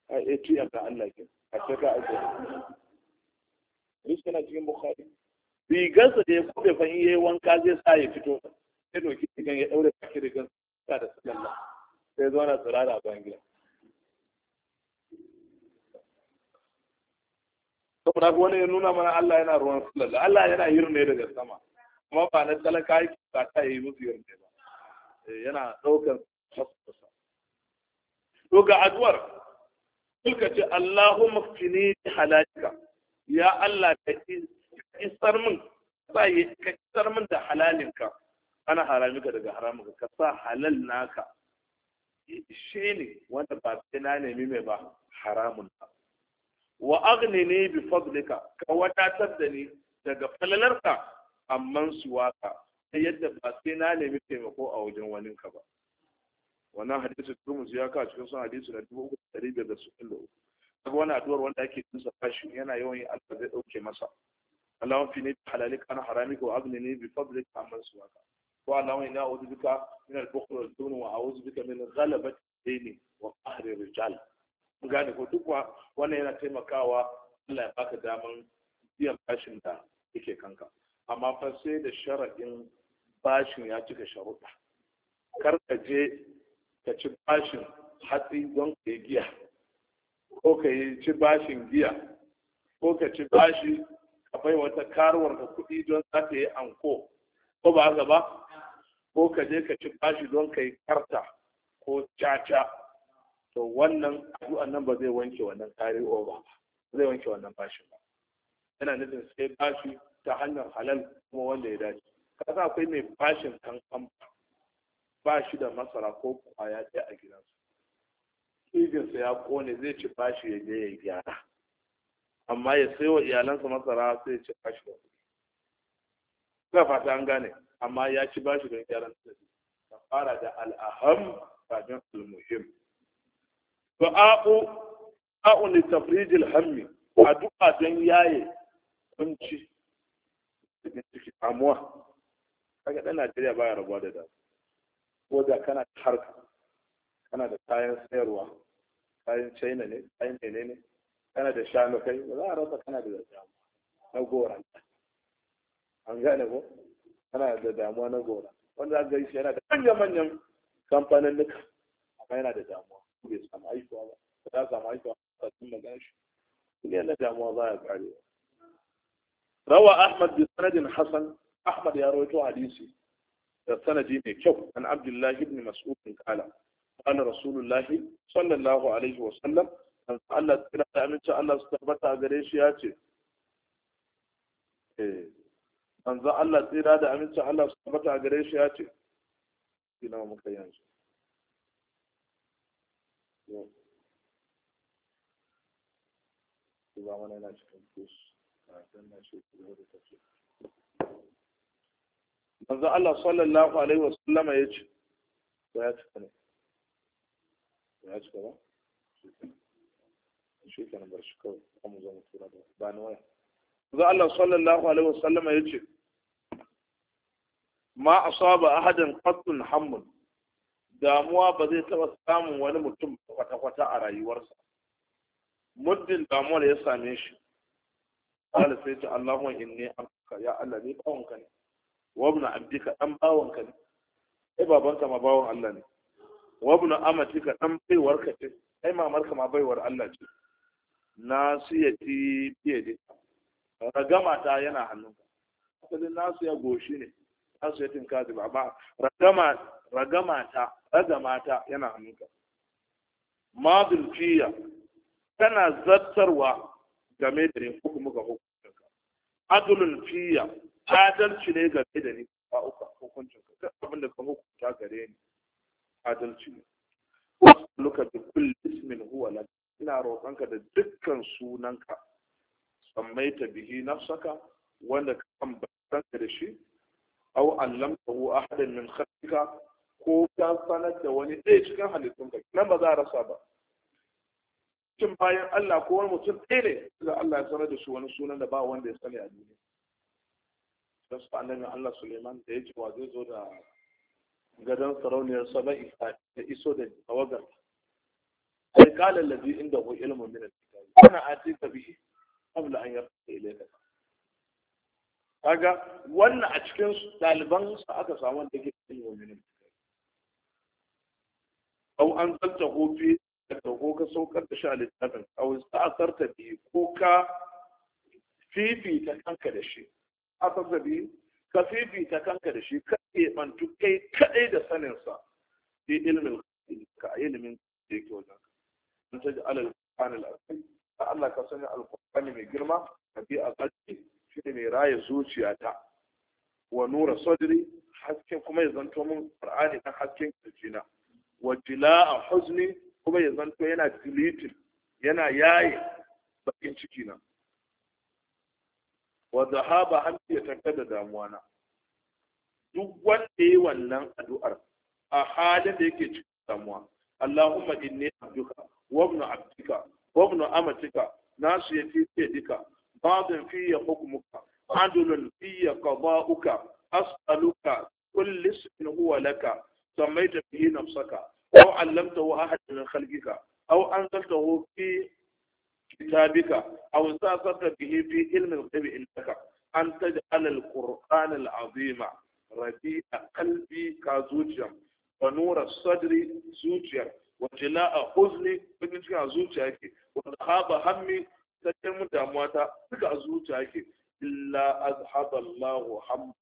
a ATM da Allah ke a shaka a jere Risk yana cikin Bukhari rigarsa da ya kuɗe fa in yayi wanka zai sa ya fito sai doki rigan ya daure bakin rigan sa da sulalla sai zo na tsirara a bayan gida saboda wani ya nuna mana Allah yana ruwan sulalla Allah yana yirne daga sama kuma ba na talaka yake ba ta yi musu yirne ba eh, yana daukar fasfasa to ga addu'ar suka ce Allahumma fini halalika ya Allah ka isar min ba yi ka isar min da halalinka ana haramika daga haramuka ka sa halal naka shi ne wanda ba sai na nemi mai ba haramun ba wa aghnini bi fadlika ka wadatar da ni daga falalarka amman suwaka ta yadda ba sai na nemi taimako a wajen wani ka ba wannan hadisi turmus ya ka cikin sun hadisi na dubu uku da ɗari biyar da su ɗin kaga wani addu'ar wanda ake tunsa fashi yana yawan yi Allah zai ɗauke masa Allahumma fi ni bi halalika an haramika wa aghnini bi fadlika amman suwaka wa Allahumma inna a'udhu bika min al-bukhl wal-dhun wa a'udhu bika min ghalabati ad-dayn wa qahri ar-rijal gane ko duk wannan yana taimakawa Allah ya baka daman biyan bashin da yake kanka amma fa sai da sharaɗin bashin ya cika sharuɗa kar ka je ka ci bashin hatsi don ka giya ko ka yi ci bashin giya ko ka ci bashi ka bai wata karuwar da kuɗi don za ta yi anko ko ba haka ba ko ka je ka ci bashi don ka yi karta ko caca to wannan addu'an nan ba zai wanke wannan kare over ba zai wanke wannan bashin ba yana nufin sai bashi ta hanyar halal kuma wanda ya dace kasa akwai mai bashin kankan ba shi da masara ko kwaya ɗaya a gidansu. ijinsa ya kone zai ci bashi ya je ya gyara amma ya sai wa iyalansa masara sai ya ci bashi da ga fata an gane amma ya ci bashi don gyaran tsari ka fara da al'aham kafin al-muhim To a'u li tafrij al-hammi addu'a dan yaye kunci cikin ciki amuwa kaga dan Najeriya baya rabuwa da da ko da kana harka kana da kayan sayarwa kayan China ne kayan ne ne kana da shanu kai ba za a rasa kana da damuwa na gora an gane ko kana da damuwa na gora wanda za ga shi yana da manyan manyan kamfanin duka amma yana da damuwa bai samu haihuwa ba ba damuwa ba ya kare rawa ahmad bi sanadin hasan ahmad ya rawaito hadisi da sanadi mai kyau an abdullahi ibn mas'ud kala qala rasulullahi sallallahu alaihi wa sallam Allah tsira da aminci Allah su tabbata gare shi ya ce eh, manzon Allah tsira da Allah su gare shi ya ce muka yanzu Yes. Ceva mă ne-a ce compus, dar ne-a ce de tafiya. Manzo Allah sallallahu alaihi wasallam ya ce, "Ba ya cika ne." Ba ya cika ba? Shi kenan bar shi kawai, kuma zo mu tura da ba ni waya. Manzo Allah sallallahu alaihi wasallam ya ce, "Ma asaba ahadan qattun hammun." damuwa ba zai taɓa samun wani mutum kwata-kwata a rayuwarsa muddin damuwar ya same shi ala sai ta Allahumma inni amka ya Allah bawon ka ne wabna abdika dan ka ne ai ka ma bawan Allah ne wabna amatika dan baiwarka ce ai mamarka ma baiwar Allah ce nasiyati biyade ragama ta yana hannunka asalin nasu ya goshi ne nasu ya tinka ba ragama ragamata ragamata yana hannunka madul tana zartarwa game da ni muka hukuncin ka, adulun fiya adalci ne game da ni ba uka hukuncinka duk abin da ka hukunta gare ni adalci ne luka da kulli ismin huwa lak ina roƙonka da dukkan sunanka ta bihi nafsaka wanda ka ambata da shi aw allamtahu ahadan min khalqika ko ka sanar da wani ɗaya cikin halittun ka nan ba za a rasa ba cikin bayan Allah ko wani mutum ɗaya ne da Allah ya sanar da shi wani sunan da ba wanda ya sani a duniya don su annabi Allah Suleiman da ya ce wa zai zo da gadon sarauniyar sama da iso da tawagar sai kalan lazi inda hu ilmun min al-kitabi ana atika bihi qabla an yarda ilayka kaga wannan a cikin ɗaliban sa aka samu da ke ilmun min al au an zanta hofi daga ko ka saukar da shi a littafin au sa'asarta bi ko ka fifita kanka da shi asarta bi ka fifita kanka da shi ka keɓantu kai kaɗai da saninsa fi ilimin ka a ilimin da yake wajen ka an ta ji alal kanil alkai ta Allah ka sanya alkwani mai girma ka fi a tsaki shi ne mai raya zuciya ta. wa nura sadri hasken kuma ya zanto min qur'ani kan hasken kirjina wa a huzni kuma ya zanto yana deleting yana yaye bakin ciki na wa zahaba an ya tanka da damuwa na duk wanda yi wannan addu'ar a halin da yake cikin damuwa Allahumma inni abduka wa ibnu abdika wa ibnu amatika nasu yati yadika بعض hukumuka حكمك عدل في قضاؤك as'aluka كل اسم huwa laka سميت به نفسك أو علمته أحد من خلقك أو أنزلته في كتابك أو استأثرت به في علم الغيب عندك أن تجعل القرآن العظيم ربيع قلبي كزوجيا ونور الصدر زوجيا وجلاء حزني بكين شكا زوجيا وذهاب همي سكن مدامواتا بكا زوجيا إلا أذهب الله همه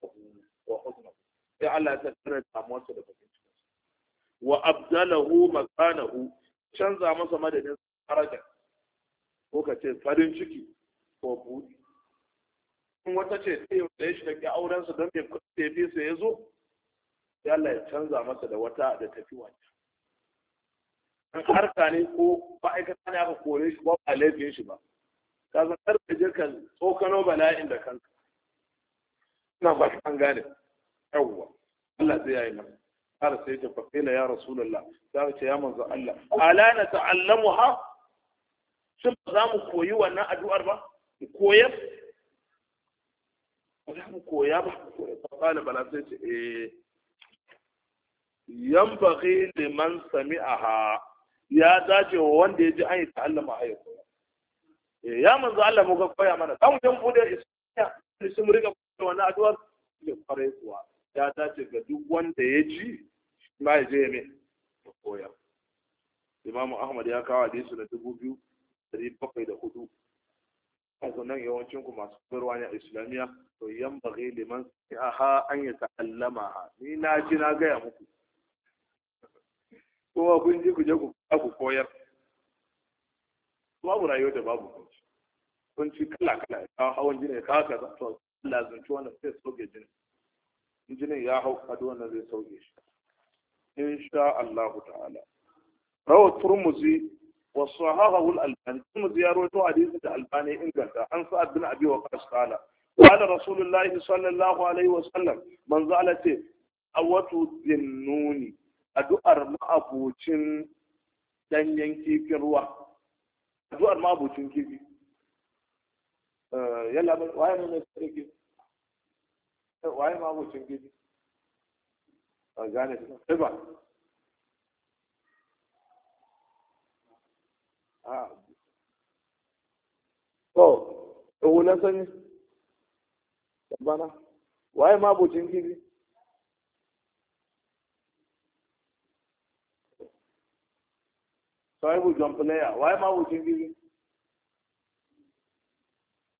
وحزنه sai Allah ya tattara damuwarsa da bakin wa abdalahu makanahu canza masa madadin faraja ko ka ce farin ciki ko buɗi in wata ce sai da ya shiga auren sa don bai bi sai ya zo ya Allah ya canza masa da wata da tafi wata an harka ne ko ma'aikata ne aka kore shi ba ba laifin shi ba ka san ka tsokano bala'in da kanka ina ba an gane yawwa Allah zai yi nan قال سيدنا فقيل يا رسول الله قال يا منزل الله ألا ha? shin ba za mu koyi wannan addu'ar ba mu koyar ba za mu koya ba fasala bala sai ce eh yan baki liman sami'aha ya dace wa wanda ya ji an yi ta'allama a yau ya manzo Allah mu ga koya mana za mu je mu bude ismiya sai mu riga koya wannan addu'ar ke kware kuwa ya dace ga duk wanda ya ji ma ya je mai da koya imamu ahmad ya kawo hadisi na dubu biyu dari bakwai da hudu nan yawancin ku masu koyarwa ne a islamiyya to yan bage liman ha an yi ta'allama ha ni na ji na gaya muku kowa kun ji ku je ku koyar babu rayuwa da babu kunci kunci kala kala ya kawo hawan jini ya kawo kaza to lazunci wannan sai soke jini jinin ya hau ado wannan zai sauke shi insha Allah ta'ala rawat turmuzi wa sahahahu al-albani turmuzi ya rawaito hadisin da albani inganta an sa'ad bin abi waqas qala qala rasulullahi sallallahu alaihi wa sallam man zalate awatu dinnuni addu'ar ma'abocin danyen kifin ruwa addu'ar ma'abocin kifi eh, yalla waye ne ne sarki waye ma abocin gidi a gane shi ba a to hulan sanyi bana waye ma abocin gidi sahibu jamfilaya waye ma abocin gidi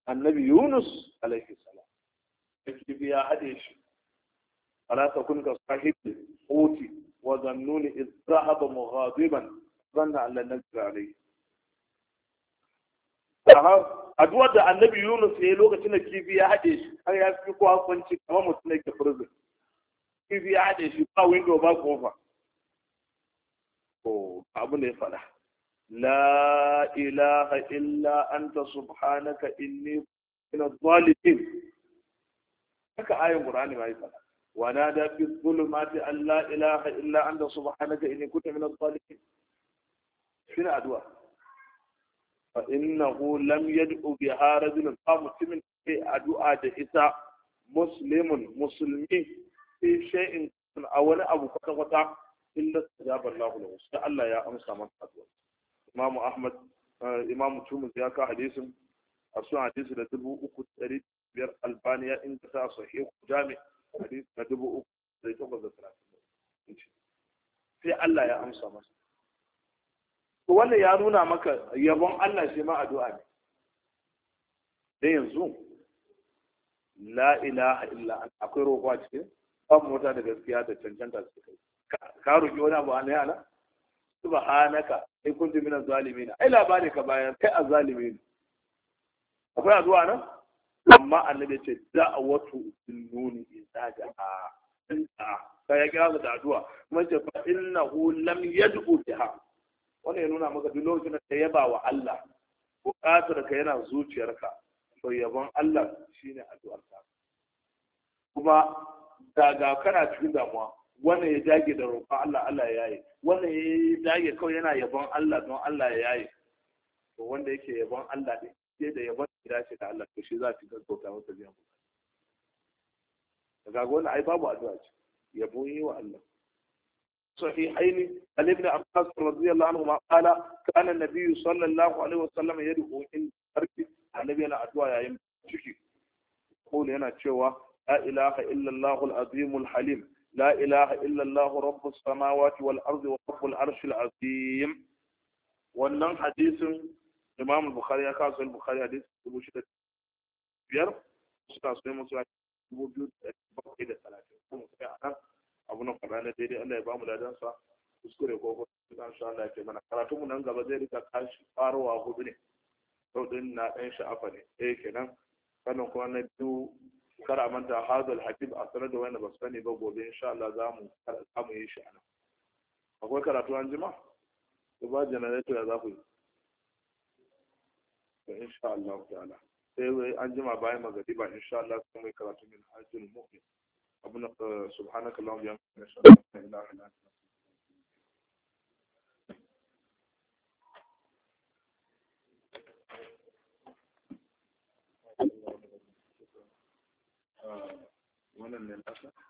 annabi yunus alaihi salam kifi ya haɗe shi ala takun ka sahibi huti wa zannuni iz zahaba mughadiban zanna an na nasra alayhi addu'ar da annabi Yunus ya yi lokacin da kifi ya haɗe shi har ya fi kowa kwanci kamar mutum yake prison kifi ya haɗe shi ba window ba kofa ko abin da ya faɗa la ilaha illa anta subhanaka inni min adh-dhalimin haka ayin qur'ani mai fada wa nada fi zulumati Allah, la ilaha illa anta subhanaka inni kuntu minaz zalimin Shin addu'a fa innahu lam yad'u biha rajulun fa muslimin sai addu'a da ita muslimun musulmi fi shay'in a wani abu kwata kwata illa tajaba Allah lahu sai Allah ya amsa masa addu'a Imam Ahmad eh, Imam Tumuz ya ka hadisin a sun hadisi da dubu uku ɗari biyar ta ya inganta sahihu jami hadisi na dubu uku da takwas da talatin sai Allah ya amsa masa to wannan ya nuna maka yabon Allah shi ma addu'a ne da yanzu la ilaha illa an akwai roƙo a cikin ba mota da gaskiya da cancanta su kai ka roƙi wani abu ana yana subhanaka in kuntum min az-zalimin ai labari ka bayan kai azalimin akwai addu'a nan amma annabi ce da'awatu zunnuni izaja ta ya kira da addu'a kuma ce fa innahu lam yad'u biha wannan ya nuna maka duk lokacin da yaba wa Allah buƙatar ka yana zuciyarka to yabon Allah shine addu'ar ka kuma daga kana cikin damuwa wannan ya dage da roƙa Allah Allah ya yi wannan ya dage kawai yana yabon Allah don Allah ya yi to wanda yake yabon Allah din sai da yaba ya dace da Allah shi za ki gaggauta masa biyan bukata daga ga wani ai babu addu'a ce yabo yi wa Allah sahihaini Ali ibn Abbas radiyallahu anhu ma qala kana an-nabiy sallallahu alaihi wasallam yad'u in arki annabi yana addu'a yayin ciki kullu yana cewa la ilaha illa Allah al-azim al-halim لا إله إلا الله رب السماوات والأرض ورب العرش العظيم ولن حديث imam bukhari ya kawo sahih bukhari hadis dubu shida biyar su kawo sahih muslim dubu biyu da bakwai da talatin kuma sai a nan abu na faɗa na daidai Allah ya bamu ladansa kuskure ko ko sha Allah ya ce mana karatunmu nan gaba zai rika kashi farowa hudu ne sau din na ɗan sha'afa ne eh kenan sannan kuma na biyu kar a manta hazal habib a sanar da wanda ba su sani ba gobe insha Allah za mu za mu yi shi a nan akwai karatu an jima ba janareto ya za ku yi to insha Allah ta'ala sai wai an jima bayan ba, insha Allah sai mai karatu min hajjul mu'min abun eh, subhanaka allahumma ya insha Allah la ilaha illa anta ah, wannan ne nasa